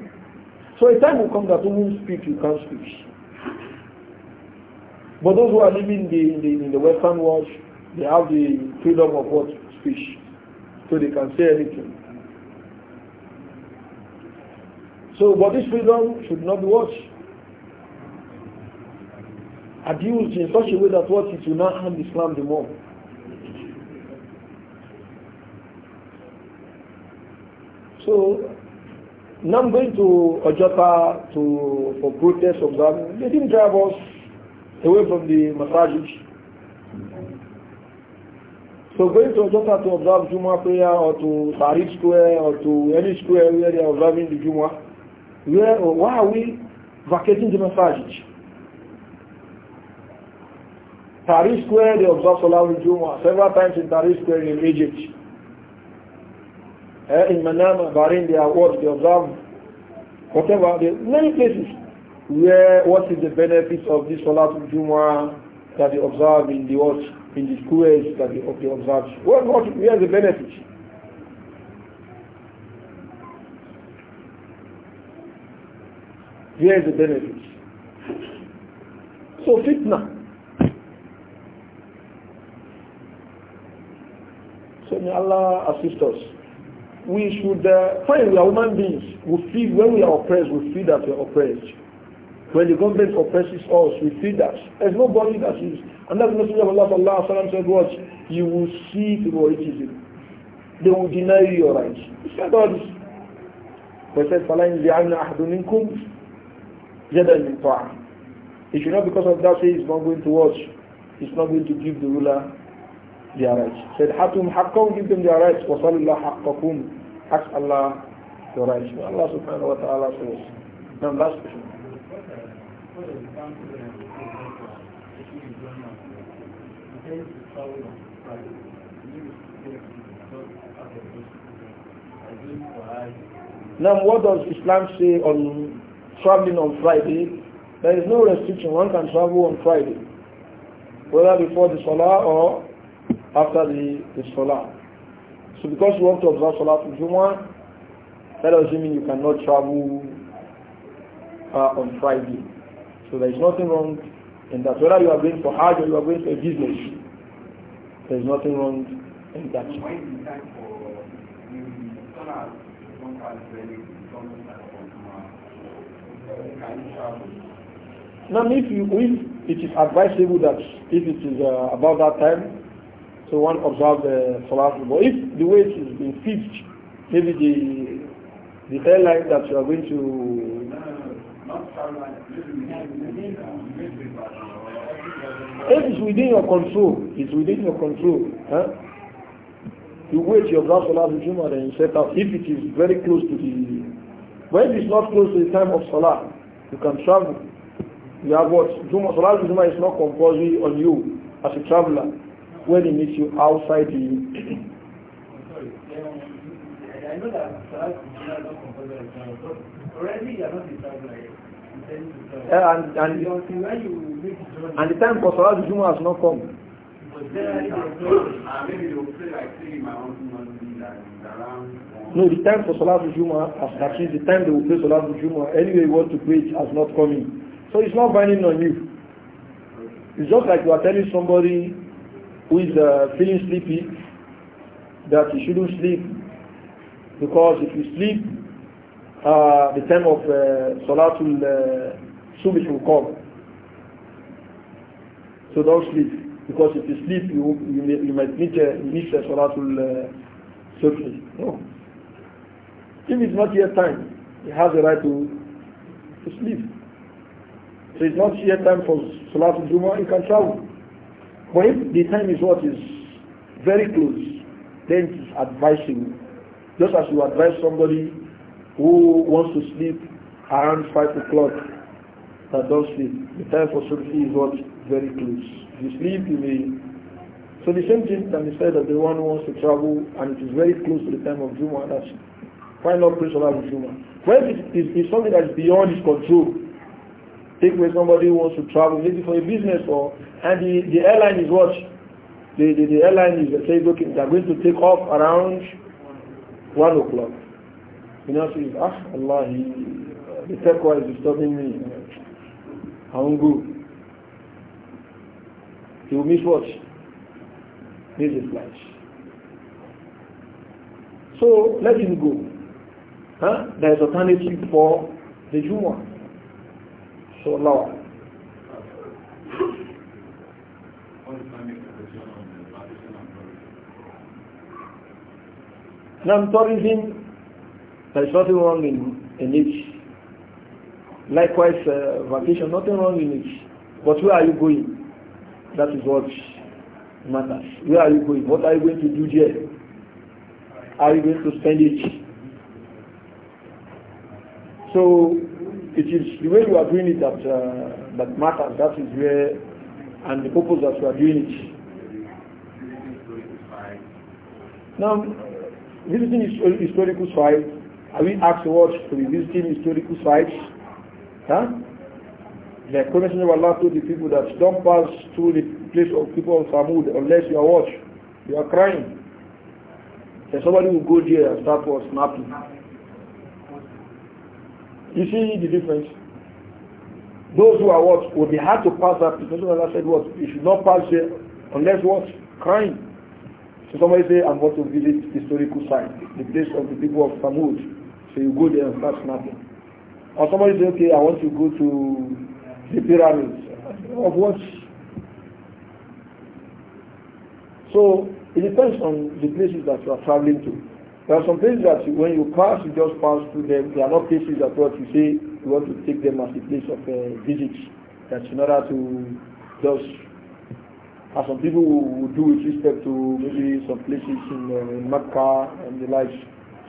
So a time will come that who speak, you can't speak. But those who are living in the, in the, in the Western world, they have the freedom of what? Speech. So they can say anything. So, but this freedom should not be watched abused in such a way that what it will not harm Islam the more. So now I'm going to Ojota to for protest of that. They didn't drive us away from the masajid. So going to Ojota to observe Juma prayer or to Tariq Square or to any square where they are observing the Juma, where why are we vacating the masajid? Tahrir Square, they observe Salah al-Jumu'ah several times in Tahrir Square in Egypt. Uh, in Manama, Bahrain, they are what? They observe whatever. are many places where what is the benefit of this Salah al-Jumu'ah that they observe in the watch In the squares that they, they observe. What, what, where is the benefit? Where is the benefit? So fitna. say, may Allah assist us. We should, uh, fine, we are human beings. We feel when we are oppressed, we feel that we are oppressed. When the government oppresses us, we feel that. There's nobody that is. And that's the message of Allah Allah, alayhi wa said, what? You will see favoritism. They will deny you your rights. He said all this. But said, فَلَا يَنْزِعَنَّ أَحْدٌ مِنْكُمْ جَدًا مِنْ طَعَةٍ It should not because of that say he's not going to watch. He's not going to give the ruler their Said, Hatum haqqahum, give them their rights. وَصَلِ اللَّهُ حَقَّكُمْ Ask Allah your rights. May Allah subhanahu wa ta'ala says. Now last question. Now what does Islam say on traveling on Friday? There is no restriction. One can travel on Friday, whether before the Salah or after the, the Salah. So because you want to observe Salah to want, that doesn't mean you cannot travel uh, on Friday. So there is nothing wrong in that. Whether you are going for Hajj or you are going for business, there is nothing wrong in that. Now, if you if it is advisable that if it is uh, about that time, so one observes the Salat But if the weight is being fixed, maybe the, the airline that you are going to... If it's within your control, it's within your control. Huh? You wait your observe Salat Juma and you set out. If it is very close to the... But it's not close to the time of Salah, you can travel. You have what? Juma, Salat Juma is not compulsory on you as a traveler. when they meet you outside the. I know and, and, and the time for Salah Salat Juma has not come. No, the time for Salah Salat Juma has not is the time they will play Salah Salat Juma. Anyway, you want to play it has not come in. So it's not binding on you. It's just like you are telling somebody who is uh, feeling sleepy that he shouldn't sleep because if you sleep, uh, the time of uh, Salatul uh, will come. So don't sleep because if you sleep, you you, you might meet, uh, miss uh, Salatul uh, Subh. No. If it's not yet time, he has the right to to sleep. So it's not yet time for Salatul Jummah, You can travel. But if the time is what is very close, then it's advising, Just as you advise somebody who wants to sleep around 5 o'clock that does sleep, the time for sleep is what very close. you sleep, you may. So the same thing can be said that the one who wants to travel and it is very close to the time of Juma, that's why not pray Salah with Juma? When it is something that is beyond his control, Take away somebody who wants to travel, maybe for a business or, and the, the airline is what? The, the, the airline is, saying, okay, they're going to take off around 1 o'clock. You know, so ah, Allah, he, the taqwa is disturbing me. I won't go. He will miss what? Miss his flight. So, let him go. Huh? There is alternative for the Jumu'ah. so lọ́wọ́. Now, There is nothing wrong in, in it. Likewise, uh, vacation, nothing wrong in it. But where are you going? That is what matters. Where are you going? What are you going to do there? Are you going to spend it? So, It is the way you are doing it that, uh, that matters. That is where, and the purpose that you are doing it. Now, visiting uh, historical sites, are we asked what to be visiting historical sites? Huh? The commission of Allah told the people that don't pass through the place of people of Samud unless you are watched. You are crying. Then somebody will go there and start for snapping. You see the difference? Those who are what? Would be hard to pass that because I said what? You should not pass here unless what? Crime. So somebody say, I'm going to visit historical site, the place of the people of Samud. So you go there and start snapping. Or somebody say, okay, I want to go to the pyramids. Of what? So it depends on the places that you are traveling to. There are some places that when you pass, you just pass through them. There are not places that what you say you want to take them as a place of uh, visit. That's in order to just, as some people will do with respect to maybe some places in, uh, in Mecca and the like,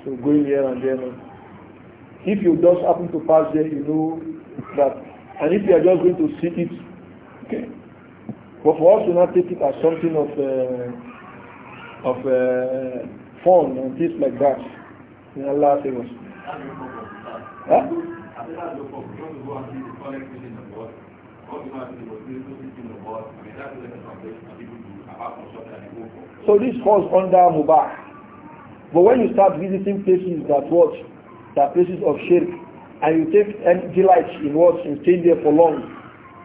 So going here and there. If you just happen to pass there, you know that. And if you are just going to see it, okay. But for us to not take it as something of, uh, of, uh, phone and things like that. In Allah save So this falls under Mubah. But when you start visiting places that what? That places of shirk and you take any delight in what you stay there for long,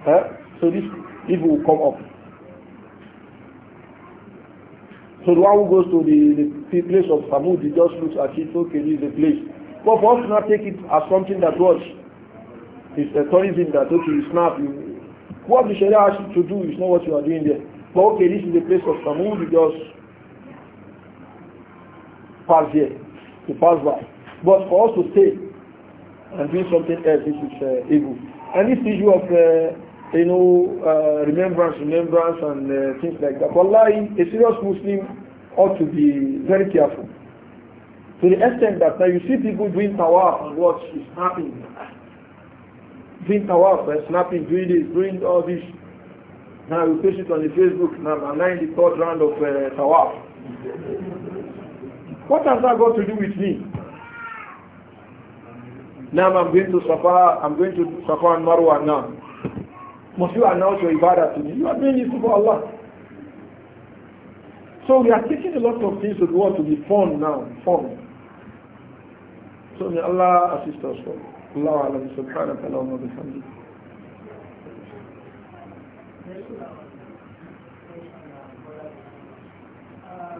huh? so this evil will come up. So the one who goes to the, the place of Samud, he just looks at it, okay, this is the place. But for us to not take it as something that was, it's a tourism that, okay, you snap, you, what the Sharia asks you to do is not what you are doing there. But okay, this is the place of Samud, you just pass here, to pass by. But for us to stay and do something else, this is uh, evil. And this issue of uh, you know, uh, remembrance, remembrance, and uh, things like that. lie, a serious Muslim ought to be very careful. To the extent that now you see people doing tawaf and what is happening. Doing tawaf and eh, snapping, doing this, doing all this. Now you post it on the Facebook, now I'm lying the third round of uh, tawaf. What has that got to do with me? Now I'm going to Safa, I'm going to Safa and Marwa now. must you announce your ibadah to me? You are doing this for Allah. So we are taking a lot of things to the world to be fun now, fun. So may Allah assist us all. Allah alam subhanahu wa bihamdi. Thank you. Uh,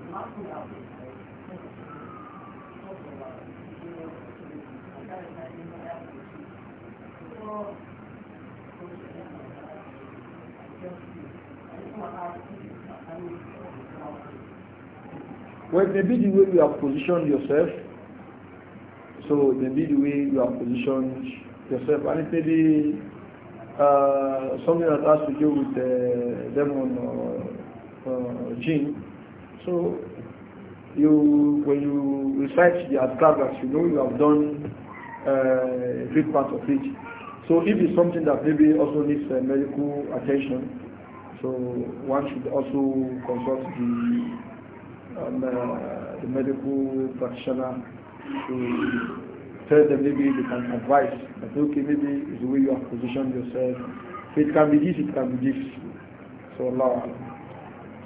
Well, maybe the way you have positioned yourself. So maybe the way you have positioned yourself, and it may be uh, something that has to do with uh, demon uh, uh, gene. So you, when you recite the adkar that you know you have done uh, a great part of it. So if it's something that maybe also needs uh, medical attention, so one should also consult the, um, uh, the medical practitioner to tell them maybe they can advise that okay maybe it's the way you have positioned yourself. it can be this, it can be this. So Allah.